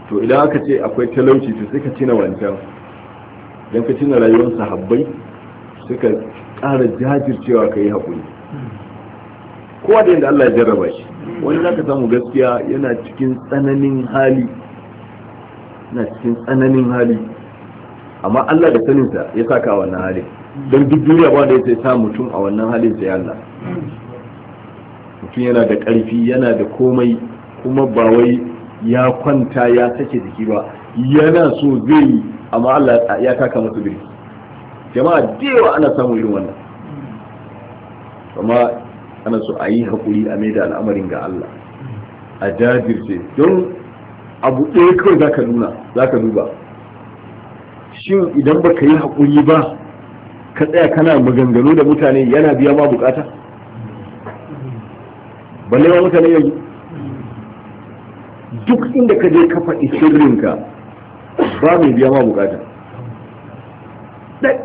to idan aka ce akwai talauci to sai ka cina wancan don ka cina rayuwar sahabbai suka ƙara jajircewa ka yi haƙuri kowa da yadda Allah ya jarraba shi wani za ka samu gaskiya yana cikin tsananin hali yana cikin tsananin hali amma Allah da saninsa ya saka a wannan hali. don duk duniya ba da ya sai sa mutum a wannan halin sai Allah mutum yana da ƙarfi yana da komai kuma ba wai ya kwanta ya sake jiki ba yana so zai yi amma Allah ya taka masa birki jama'a dewa ana samun irin wannan kuma ana so a yi haƙuri a mai da al'amarin ga Allah a jajirce don abu ɗaya kawai za ka nuna za ka duba shin idan ba ka yi haƙuri ba ka tsaya kana maganganu da mutane yana biya ma bukata balle ma mutane yanzu duk inda ka je ka isirinka ba mai biya ma bukata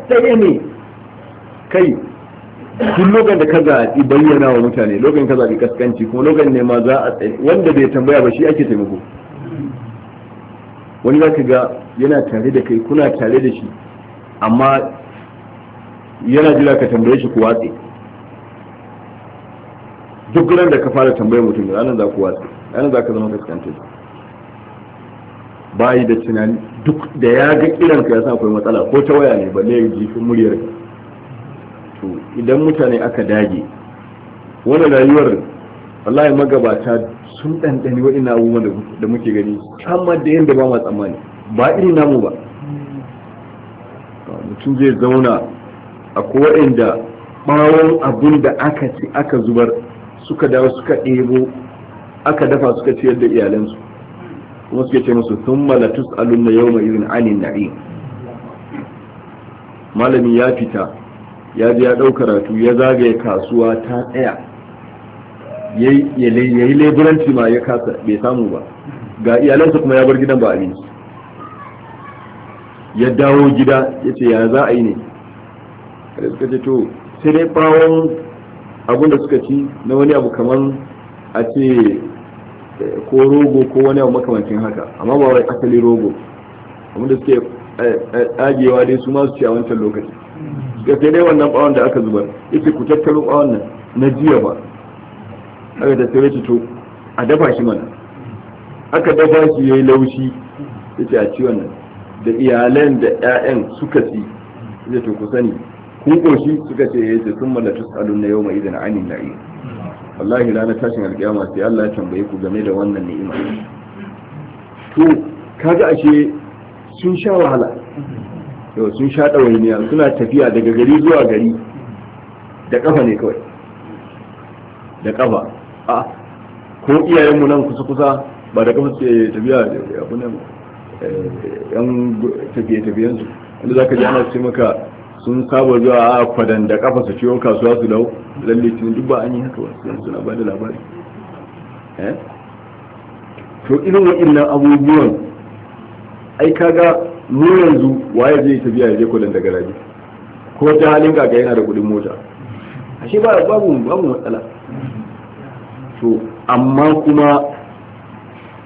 tsaye ne kai tun lokacin da ka zaɓi bayyana wa mutane lokacin ka zaɓi kaskanci kuma lokacin ne ma za a tsaye wanda bai tambaya ba shi ake taimako wani za ka ga yana tare da kai kuna tare da shi amma yana jira ka tambaye shi ku watsi. duk ran da ka fara tambayar mutum ranar za ku watsi, ranar za ka zama kaskantar bayi da tunani duk da ya ga kiranka ya sa akwai matsala ko ta waya ne balle ya jifin muryar to idan mutane aka dage wani rayuwar wallahi magabata sun ɗanɗani waɗannan abubuwan da muke gani amma da yadda ba ma tsammani ba irin namu ba mutum zai zauna a waɗanda ɓawon abin da aka ci aka zubar suka dawo suka ɗebo aka dafa suka ciyar da iyalansu kuma suke ce musu sun malatus alunna yau mai irin anin na'i malami ya fita ya je ya ɗau karatu ya zagaye kasuwa ta ɗaya ya yi leburanci ma ya kasa bai samu ba ga iyalansa kuma ya bar gidan ba abinci ya dawo gida ya ce ya za a yi ne kada suka ce to sai dai bawon abin da suka ci na wani abu kamar a ce ko rogo ko wani abu makamancin haka amma ba wai asali rogo amma da suke eh, eh, agewa dai su ma su ci a wancan lokaci ga sai dai wannan bawon da aka zubar yace ku tattaro bawon nan na jiya ba aka sai shi to a dafa shi mana aka dafa shi yayi laushi yace a ci wannan da iyalan da ƴaƴan suka ci yace to ku sani kun koshi suka ce yace sun mallatu salun na yau mai idan anin na'i wallahi ranar tashin alkiyama sai Allah ya tambaye ku game da wannan ni'ima to kaga ashe sun sha wahala yau sun sha ɗawainiya suna tafiya daga gari zuwa gari da ƙafa ne kawai da ƙafa a ko iyayenmu nan kusa-kusa ba da ƙafa sai tafiya da abunan eh, yan tafiye-tafiyensu wanda za ka ji ana ce maka sun kaba zuwa a kwadan da kafa su ciwo kasuwa su dau lalle tun duk ba an yi haka wasu suna ba da labari eh? to irin waɗannan abubuwan ai kaga mu yanzu waye zai tafiya ya je kwadan da garaji ko ta halin kaga yana da kuɗin mota ashe ba babu babu matsala to amma kuma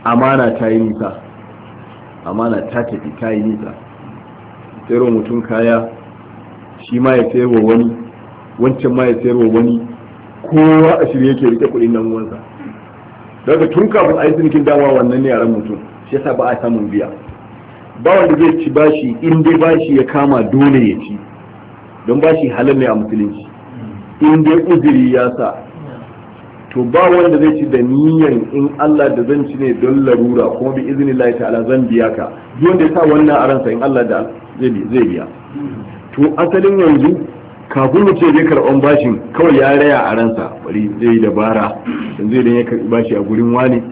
amana ta yi nisa amana ta tafi ta yi nisa tsero mutum kaya shi ma ya sayarwa wani wancan ma ya sayarwa wani kowa a shirye yake rike kuɗin nan wansa daga tun kafin a yi cinikin dama wannan ne yaran mutum shi yasa ba a samun biya ba wanda zai ci bashi in dai bashi ya kama dole ya ci don bashi halal ne a musulunci in dai uzuri ya sa to ba wanda zai ci da niyan in Allah da zan ci ne don larura kuma bi iznillahi ta'ala zan biya ka duk wanda ya sa wannan a ransa in Allah da zai biya to asalin yanzu kafin mu ce zai karɓan bashin kawai ya raya a ransa bari zai dabara yanzu idan ya karɓi bashi a gurin wani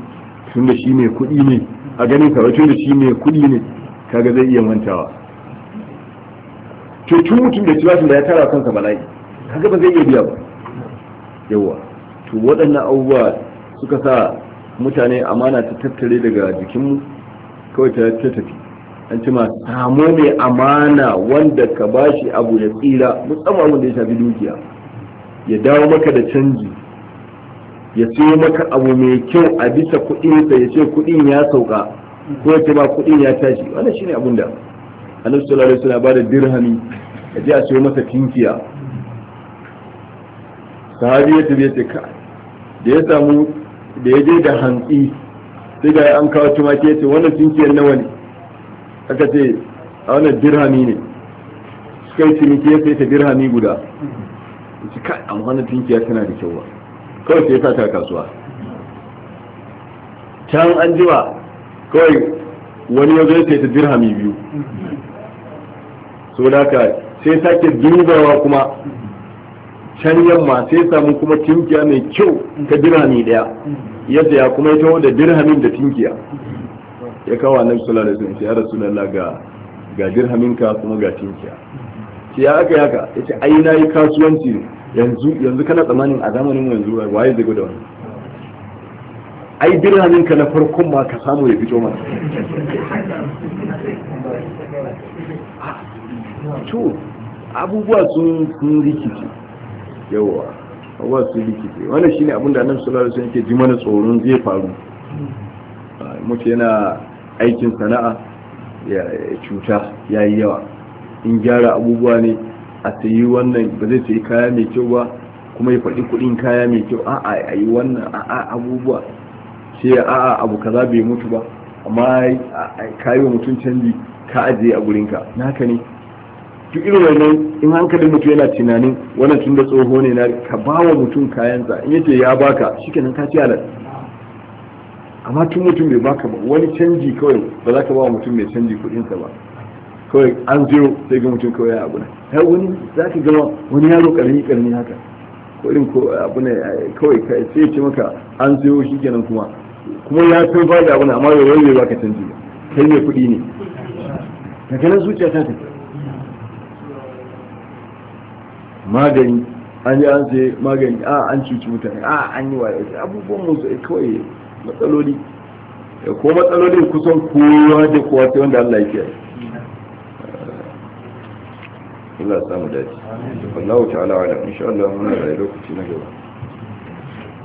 tun da shi mai kuɗi ne a ganin ka tun da shi mai kuɗi ne kaga zai iya mantawa to tun mutum da ciwashin da ya tara kansa bala'i kaga ba zai iya biya ba yawa to waɗannan abubuwa suka sa mutane amana ta tattare daga jikinmu kawai ta tafi an ci ma samu mai amana wanda ka bashi abu ya tsira musamman wanda ya shafi dukiya ya dawo maka da canji ya siyo maka abu mai kyau a bisa sa ya ce kuɗin ya sauka ko ya ce ma kuɗin ya tashi wannan shine abin da annabi sallallahu alaihi wasallam ba da dirhami ya je a siyo masa tinkiya sahabi ya tabbata ce ka da ya samu da ya je da hantsi sai ga an kawo tumaki ya ce wannan tinkiyar nawa ne aka ce a wannan dirhami ne suka yi ciniki ya sai ta dirhami guda ci kai a wannan tunkiya tana da kyau ba kawai sai ya sata kasuwa can an jiwa kawai wani ya zo ya sai ta dirhami biyu so da ka sai sake dubawa kuma can yamma sai samu kuma tinkiya mai kyau ta dirhami daya ya saya kuma ya taho da dirhamin da tinkiya ya kawo annabi sallallahu alaihi wasallam ya rasulullah ga ga dirhaminka kuma ga tinkiya ce ya aka yaka yace ai nayi kasuwanci yanzu yanzu kana tsamanin a zamanin yanzu waye zai gode wani ai dirhaminka na farkon ma ka samu ya fito mana to abubuwa sun rikice yawa abubuwa sun rikice wannan shine abin da annabi sallallahu alaihi wasallam yake ji mana tsoron zai faru mutu yana aikin sana'a ya cuta ya yi yawa in gyara abubuwa ne a sayi wannan ba zai sayi kaya mai kyau ba kuma ya faɗi kuɗin kaya mai kyau a'a a yi wannan a'a abubuwa a a'a abu kaza bai mutu ba amma ka yi wa mutum canji ka ajiye a gurinka naka ne duk irin wannan in hankalin mutum yana tunanin wannan tun da tsoho ne na ka ba wa mutum kayansa in yace ya baka shikenan ka ci halal amma tun mutum bai baka ba wani canji kawai ba za ka ba mutum mai canji kuɗinsa ba kawai an zero sai ga mutum kawai abu ne har wani za ka gama wani yaro karni karni haka ko irin ko abu ne kawai sai ce maka an zero shi kenan kuma kuma ya kai ba da abu ne amma yau wani bai baka canji ba kai mai kuɗi ne daga nan zuciya ta tafi magani an yi an sai magani a ah, an cuci mutane a ah, an yi waye abubuwan musu kawai matsaloli ko matsalolin kusan kowa da kowa sai wanda Allah ya kiyaye Allah ya samu dace Allahu ta'ala wa insha Allah mun da lokaci na gaba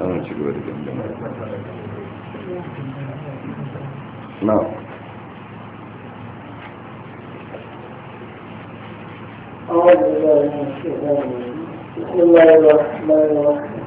an ci gaba da gaba na أعوذ بالله من الشيطان الرجيم بسم الله الرحمن الرحيم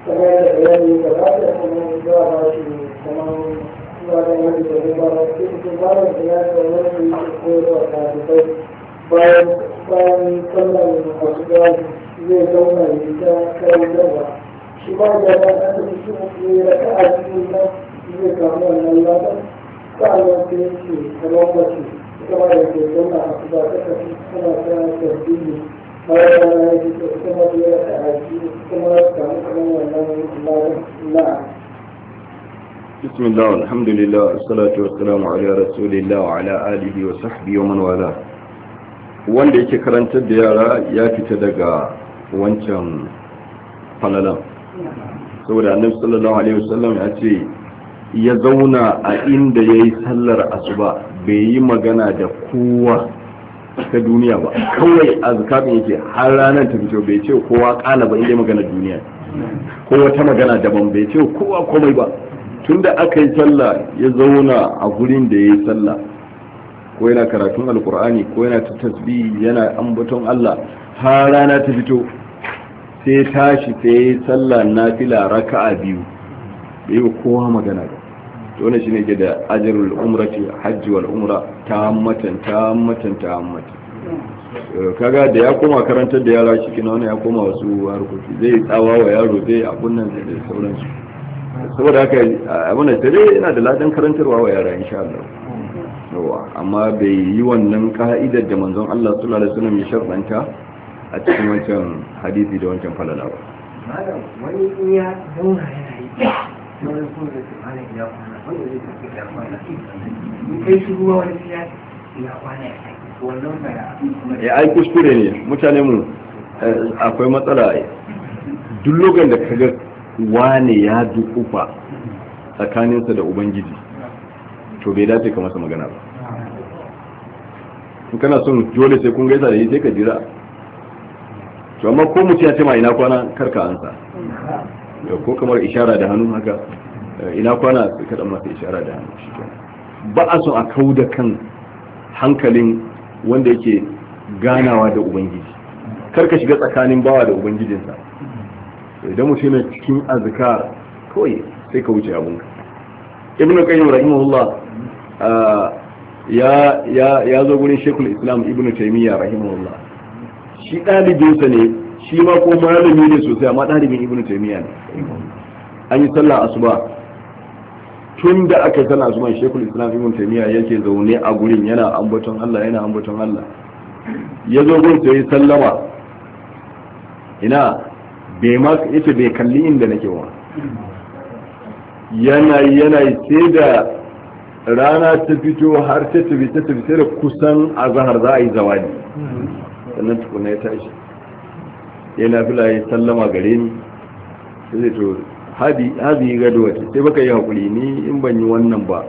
kamar da bayani da ba da kuma zuwa ba shi kamar zuwa da wani da ya ba da shi kuma ba da ya da wani ko da ta da bayan bayan sallan masu gaji zai zauna ya ta kai gaba shi ba da ba da shi ne da ka a cikin nan zai kamu wannan ladan sa'annan sai ce kamar mace ita ma da wani kuma ya karatu kuma samu na بسم الله والحمد لله والصلاة والسلام على رسول الله وعلى آله وصحبه ومن والاه wanda yake karantar da yara ya fita daga wancan falalan saboda annabi sallallahu alaihi wasallam ya ce ya zauna a inda yayi sallar asuba bai yi magana da kowa ta duniya ba kawai azkarin yake har ranar ta fito bai ce kowa kala ba inda magana duniya ko wata magana daban bai ce kowa komai ba tunda aka yi sallah ya zauna a gurin da ya yi sallah ko yana karatun alkur'ani ko yana ta tasbihi yana ambaton Allah har rana ta fito sai tashi sai ya yi sallah nafila raka'a biyu bai kowa magana ba to wannan shine ke da ajrul umrati hajji wal umra tammatan tammatan tammatan eh, kaga da ya koma karantar da yara shi kina wannan ya koma wasu harkoki zai tsawa wa yaro zai abun nan da sauransu saboda haka eh, abun da sai yana da ladan karantarwa wa yara insha Allah yawa amma bai yi wannan ka'idar da manzon Allah sallallahu alaihi wasallam ya sharɗanta a cikin wancan hadisi da wancan falala ba wani iya yana yi ya ai kuskure ne mutane mu eh, akwai matsala duk lokacin da kaga wane ya dukufa tsakaninsa da ubangiji to bai dace ka masa magana ba in kana son dole sai kun gaisa da shi sai ka jira to amma ko mutum ya ce ma ina kwana karka ansa ko kamar ishara da hannu haka ina kwana sai ka mata ishara da hannu shi ba a so a da kan hankalin wanda yake ganawa da ubangiji kar ka shiga tsakanin bawa da ubangijinsa idan mu yana cikin azkar kawai sai ka wuce abunka ibn qayyim rahimahullah ya ya zo gurin shekul islam ibn taymiya rahimahullah shi dalibinsa ne shi ma ko malami ne sosai amma dalibin ibn taymiya ne an yi sallah asuba tun da aka tana zuwa shekul islam ibn taymiya yake zaune a gurin yana ambaton Allah yana ambaton Allah ya zo gun sai sallama ina bai ma yace bai kalli inda nake wa yana yana sai da rana ta fito har ta tafi ta tafi sai da kusan azhar za a yi zawadi sannan tukuna ya tashi yana fila ya sallama gare ni sai to Hadi gado gaduwa sai baka yi hakuri ni in ban yi wannan ba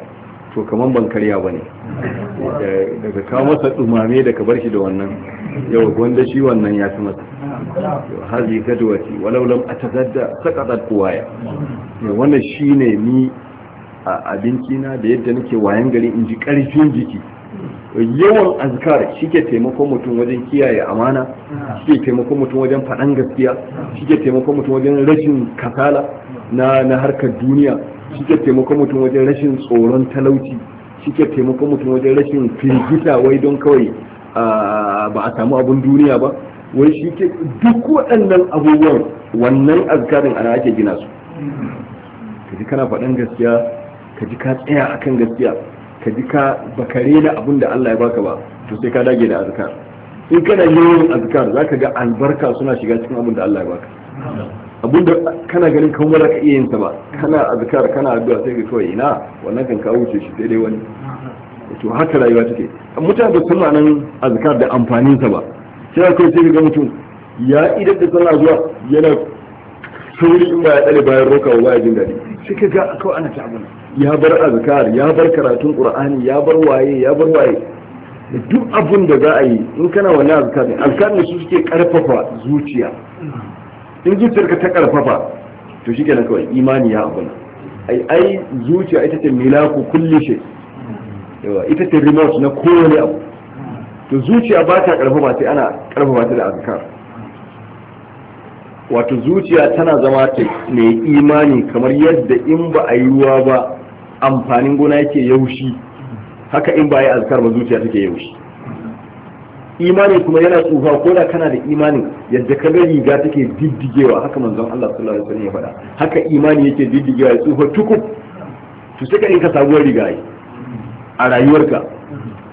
to kaman ban karya ba ne daga kawo masa dumame da ka bar shi da wannan yau wanda shi wannan ya fi masa hazi gaduwa ce walaulam a tazadda sakatar kowaya wannan shi ne ni a na da yadda nake wayan gari in ji ƙarfin jiki yawan azkar shi ke taimakon mutum wajen kiyaye amana shi ke taimakon mutum wajen faɗan gaskiya shi ke taimakon mutum wajen rashin kasala na na harkar duniya shi ke taimakon mutum wajen rashin tsoron talauci shi ke taimakon mutum wajen rashin firgita wai don kawai ba a samu abun duniya ba wai shi ke duk waɗannan abubuwan wannan azkarin ana ake gina su ka ji kana faɗin gaskiya ka ji ka tsaya akan gaskiya ka ji ka bakare da abin da Allah ya baka ba to sai ka dage da azkar in kana yin azkar zaka ga albarka suna shiga cikin abin da Allah ya baka abinda kana ganin kan wala ka iya yin ta ba kana azkar kana addu'a sai ka kawai ina wannan kan ka wuce shi sai dai wani to haka rayuwa take mutane da suna nan azkar da amfanin sa ba sai ka sai ga mutum ya idan da sallah zuwa yana sauri in ba ya dare bayan roka ba ya jin daɗi sai ka ga kawai ana ta abin ya bar azkar ya bar karatun qur'ani ya bar waye ya bar waye duk abin da za a yi in kana wannan azkar ne azkar ne su suke karfafa zuciya in zuciyarka ta karfafa to shi kenan kawai imani ya abu ai ai zuciya ita ce milaku kulli shi yawa ita ce remote na kowane abu to zuciya ba ta karfafa sai ana karfafa ta da azkar wato zuciya tana zama ta mai imani kamar yadda in ba a yi ruwa ba amfanin gona yake yaushi haka in ba a yi azkar ba zuciya take yaushi imani kuma yana tsufa ko da kana da imanin yadda ka ga riga take diddigewa haka manzon Allah sallallahu alaihi wasallam ya faɗa haka imani yake diddigewa ya tsufa tukub to sai ka in ka sabuwar riga a rayuwarka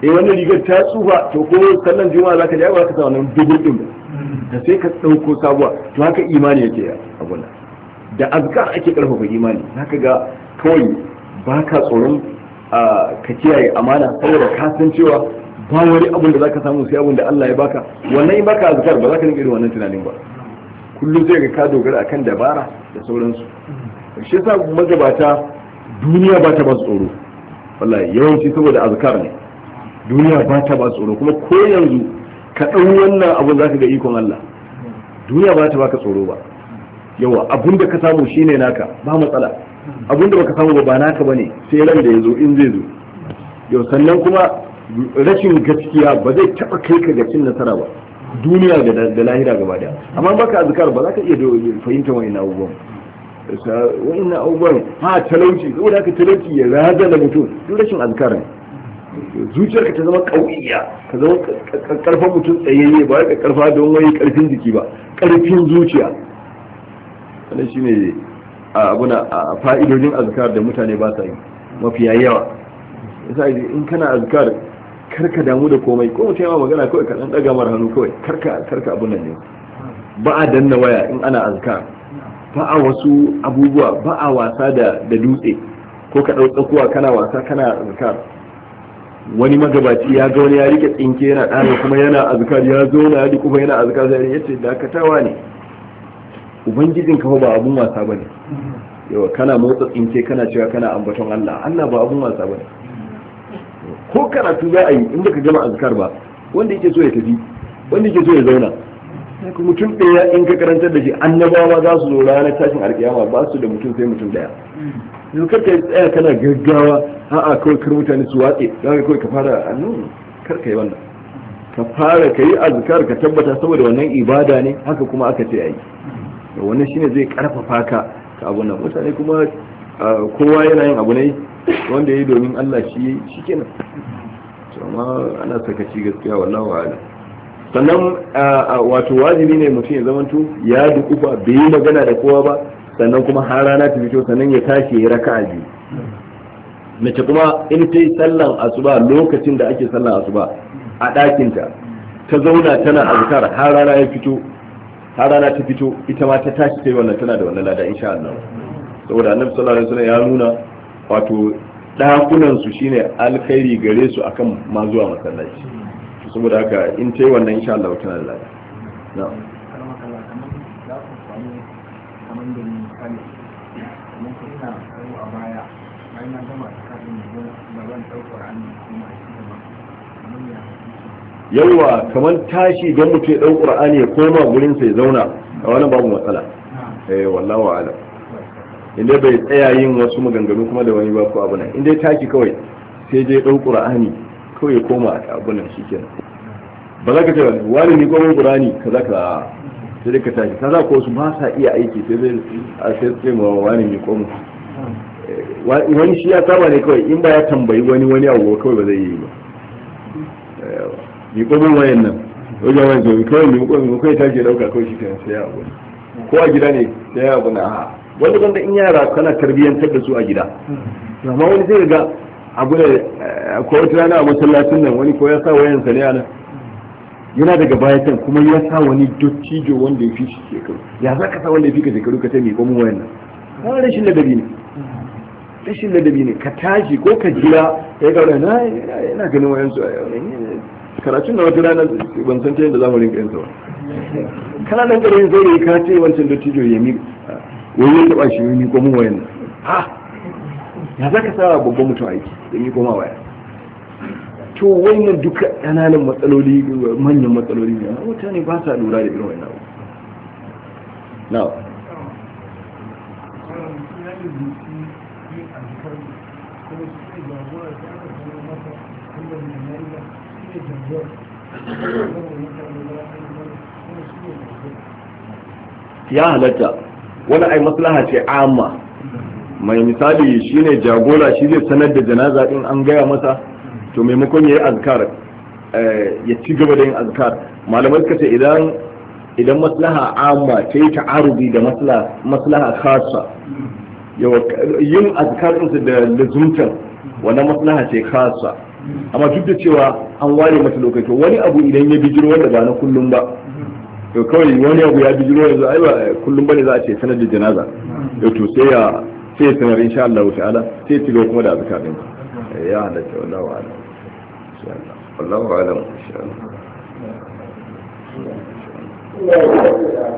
eh wannan rigar ta tsufa to ko sallan juma'a zaka je ba ka sa wannan dubur din da sai ka dauko sabuwa to haka imani yake ya abuna da azkar ake karfafa imani haka ga kawai baka tsoron ah, ka kiyaye amana saboda ka san cewa ba wani abun da zaka samu sai abun da Allah ya baka wannan in baka azkar ba zaka rinka irin wannan tunanin ba kullum sai ga ka dogara akan dabara da sauransu shi yasa magabata duniya ba ta ba tsoro wallahi yawanci saboda azkar ne duniya ba ta ba tsoro kuma ko yanzu ka ɗau wannan abin zaka ga ikon Allah duniya ba ta baka tsoro ba yawa abun da ka samu shine naka ba matsala Abun da baka samu ba ba naka bane sai ran da yazo in zai zo yau sannan kuma rashin gaskiya ba zai taɓa kai ka ga cin nasara ba duniya da lahira gaba daya amma baka azkar ba za ka iya fahimta wani na abubuwan wani na abubuwan ha talauci saboda haka talauci ya raza da mutum duk rashin azkar ne zuciyarka ta zama kauyiya ka zama karfan mutum tsayayye ba ka karfa don wani karfin jiki ba karfin zuciya wannan shine abuna fa'idodin azkar da mutane ba sa yi mafiya yawa yasa in kana azkar karka damu da komai ko mutum yawa magana kawai ka dan daga mara hannu kawai karka karka abun nan ne ba a danna waya in ana azkar ba a wasu abubuwa ba a wasa da da dutse ko ka ɗauka kuwa kana wasa kana azkar wani magabaci ya ga wani ya rike tsinke yana dana kuma yana azkar ya zo na yadi kuma yana azkar sai ya ce dakatawa ne ubangijin ka ba abun wasa bane yawa kana motsa tsinke kana cewa kana ambaton Allah Allah ba abun wasa bane ko karatu za a yi in baka gama azkar ba wanda yake so ya tafi wanda yake so ya zauna mutum ɗaya in ka karantar da shi annabawa za su zo ranar tashin alkiyama ba su da mutum sai mutum ɗaya yanzu karka yi tsaya kana gaggawa a'a kawai kar mutane su watse za ka kawai ka fara annon ah, karka yi wannan ka fara ka yi azkar ka tabbata saboda wannan ibada ne haka kuma aka ce yi. wannan shine zai karfafa ka ka abu nan mutane kuma ah, kowa yana yin abu ne wanda ya yi domin Allah shi ya yi shi To amma ana sakaci gaskiya wallahu ala sannan wato wajibi ne mutum ya zamanto ya ba bai yi magana da kowa ba sannan kuma har rana ta fito sannan ya tashi ya raka a biyu mace kuma in ta yi sallan asuba lokacin da ake sallan asuba a ɗakinta ta zauna tana azkar har rana ya fito har rana ta fito ita ma ta tashi ta yi wannan tana da wannan lada insha Allah saboda annabi sallallahu alaihi wasallam ya nuna wato ɗakunan su shine alkhairi gare su akan ma zuwa masallaci saboda haka in ta yi wannan insha Allah tana da lafiya na Yawwa kamar tashi don mutu ya ɗau ƙur'ani ya koma gurinsa ya zauna a wani babu matsala eh wallahi a'lam inda bai tsaya yin wasu maganganu kuma da wani ba ko abu nan inda ya taki kawai sai dai ɗau ƙur'ani kawai ya koma a abu nan shi kenan ba za ka ce wani ni komai ƙur'ani ka za ka sai dai ka tashi ka za ko wasu ba sa iya aiki sai dai a sai sai ma wani ni gwamnan eh, wani shi ya saba ne kawai in ba ya tambayi wani wani abu kawai ba zai yi ba eh, ni komai wayan nan wajen wani zobe kawai ni gwamnan kawai tashi ya ɗauka kawai shi kenan sai ya abu ko a gida ne sai ya abu na a'a wanda wanda in yara kana tarbiyyantar da su a gida amma wani zai ga abu da eh, ko wata rana a masallacin nan wani ko ya sa wayansa ne a nan. yana daga baya can kuma ya sa wani dottijo wanda ya fi shi shekaru ya za ka sa wanda ya fi ka shekaru ka ce mai komo wayan nan rashin ladabi ne rashin ladabi ne ka tashi ko ka jira ya ga na yana ganin wayansu karatun na wata rana ban san ta yadda za mu rinka yin sa ba kana nan garin zai ka ce wancan dottijo ya miƙa. wai ya taba shi ni ko mun wayan ha ya zaka sa babban mutum aiki dan yi koma waya to wannan duka yananin matsaloli manyan matsaloli ne wata ne ba sa lura da irin Na na'am ya halatta wani ai maslaha ce amma mai misali shine jagora shi zai sanar da janaza din an gaya masa to maimakon ya azkar eh, ya ci gaba da yin azkar malamai suka ce idan idan maslaha amma ta yi ta'arudi da maslaha khasa yin azkar din da lazumtar wannan maslaha ce khasa amma duk da cewa an ware masa lokaci wani abu idan ya bijiro wanda ba na kullum ba to kawai wani abu ya bijiro yanzu ai ba kullum bane za a ce sanar da janaza to sai ya sai sanar insha Allah wa ta'ala sai tilo kuma da azkar din ya Allah ta wallahi wa alam insha Allah wallahi wa alam insha Allah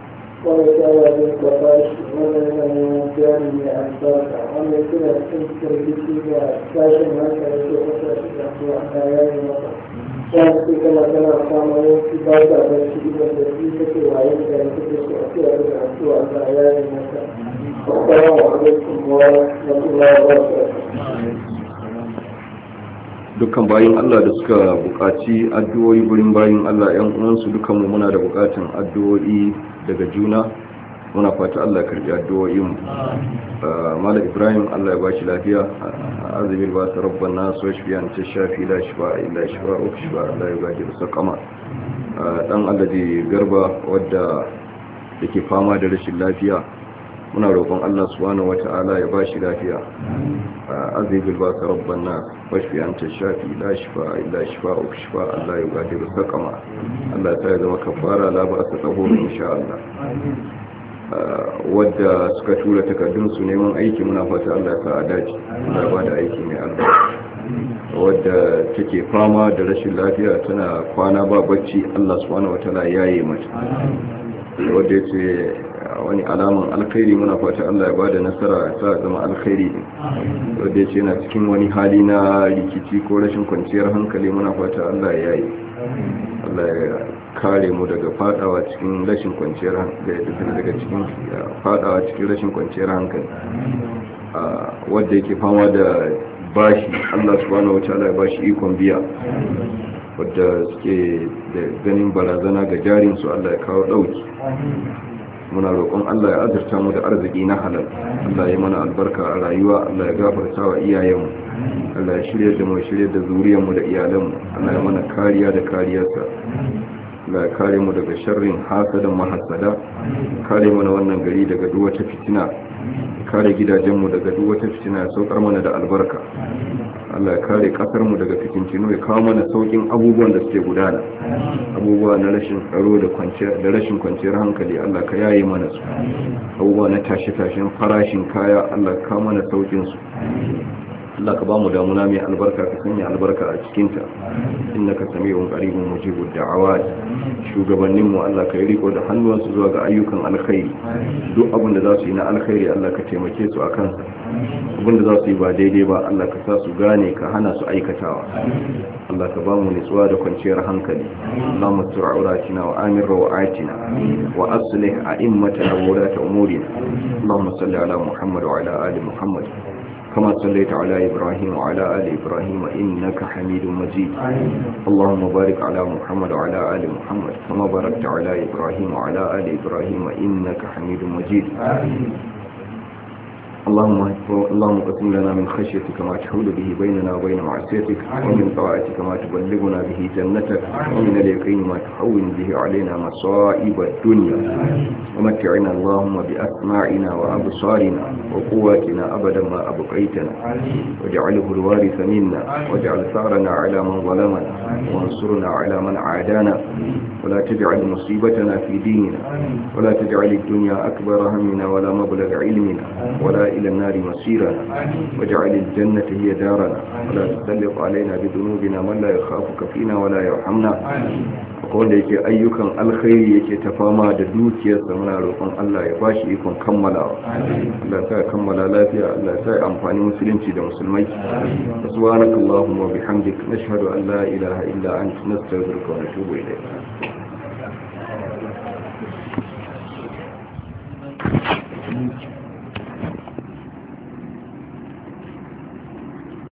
وكذلك فاشهدنا كان أنفاق عمل كده تنكر كتير فاشل هكا يشوف فاشل أحيانا وطن كان في كما كان أقام عليه في بعض الأشياء التي وعين كان كتير سؤال أحيانا أحيانا وطن السلام عليكم ورحمة الله وبركاته dukkan bayin Allah da suka buƙaci addu'o'i gurin bayin Allah ‘yan uwansu dukkan mu muna da buƙatan addu'o'i daga juna muna fata Allah karbi addu'o'in ah, Malam Ibrahim Allah ya bashi lafiya azumi ba ta rabban nasu wa ta shafi la shi illa shi ba shifa shi Allah ya gaji da sakama dan ah, Allah garba wadda yake fama da rashin lafiya muna roƙon Allah subhanahu wata'ala ya bashi lafiya azibil ba ta rabban na washfi an ta shafi la shifa illa shifa wa shifa Allah ya da sakama Allah ta zama kafara la ba ta tsahuru insha Allah wadda suka tura takardun su neman aiki muna fata Allah ka a daji Allah ba da aiki mai albarka wadda take fama da rashin lafiya tana kwana ba bacci Allah subhanahu wataala yaye mata wadda ce wani alamun alkhairi muna fata Allah ya bada nasara sa zama alkhairi din wanda ce yana cikin wani hali na rikici ko rashin kwanciyar hankali muna fata Allah ya yi Allah ya kare mu daga fadawa cikin rashin kwanciyar hankali daga cikin fadawa cikin rashin kwanciyar hankali wanda yake fama da bashi Allah subhanahu wataala ya bashi ikon biya wadda suke da ganin barazana ga jarin su Allah ya kawo dauki muna roƙon Allah ya azurta mu da arziki na halal Allah ya mana albarka a rayuwa Allah ya gafarta wa iyayenmu Allah ya shirya da mu shirya da zuriyarmu da iyalanmu Allah ya mana kariya da kariyarsa Allah ya kare mu daga sharrin hasadan mahasada kare mu na wannan gari daga duk wata fitina kare gidajenmu daga duk wata fitina ya saukar mana da albarka Allah ya kare kasar mu daga fitintinu ya kawo mana saukin abubuwan da suke gudana abubuwa na rashin tsaro da kwanciyar da rashin kwanciyar hankali Allah ka yaye mana su abubuwa na tashi tashin farashin kaya Allah ka kawo mana saukin su Allah ka ba mu damuna mai albarka ka sanya albarka a cikinta innaka samiyun qaribun mujibud da'awat shugabannin mu Allah ka yi riko da hannuwansu zuwa ga ayyukan alkhairi duk abin da za su yi na alkhairi Allah ka taimake su akan abin da za su yi ba daidai ba Allah ka sa su gane ka hana su aikatawa Allah ka ba mu nutsuwa da kwanciyar hankali Allah mu tsura auratina wa amir rawatina wa aslih a'immatana wa ulata umurina Allahumma salli ala Muhammad wa ala ali Muhammad كما صليت على إبراهيم وعلى آل إبراهيم إنك حميد مجيد اللهم بارك على محمد وعلى آل محمد كما باركت على إبراهيم وعلى آل إبراهيم إنك حميد مجيد اللهم اللهم اقسم لنا من خشيتك ما تحول به بيننا وبين معصيتك ومن طاعتك ما تبلغنا به جنتك ومن اليقين ما تحول به علينا مصائب الدنيا ومتعنا اللهم بأسماعنا وأبصارنا وقواتنا أبدا ما أبقيتنا واجعله الوارث منا واجعل ثارنا على من ظلمنا وانصرنا على من عادانا ولا تجعل مصيبتنا في ديننا ولا تجعل الدنيا أكبر همنا ولا مبلغ علمنا ولا إلى النار مصيرنا واجعل الجنة هي دارنا ولا تسلق علينا بذنوبنا من لا يخافك فينا ولا يرحمنا wanda yake ayyukan alkhairi yake ta fama da dukiyarsa muna roƙon Allah ya bashi ikon kammalawa Allah ya kammala lafiya Allah amfani musulunci da musulmai subhanakallahumma wa bihamdika nashhadu an la ilaha illa Thank you.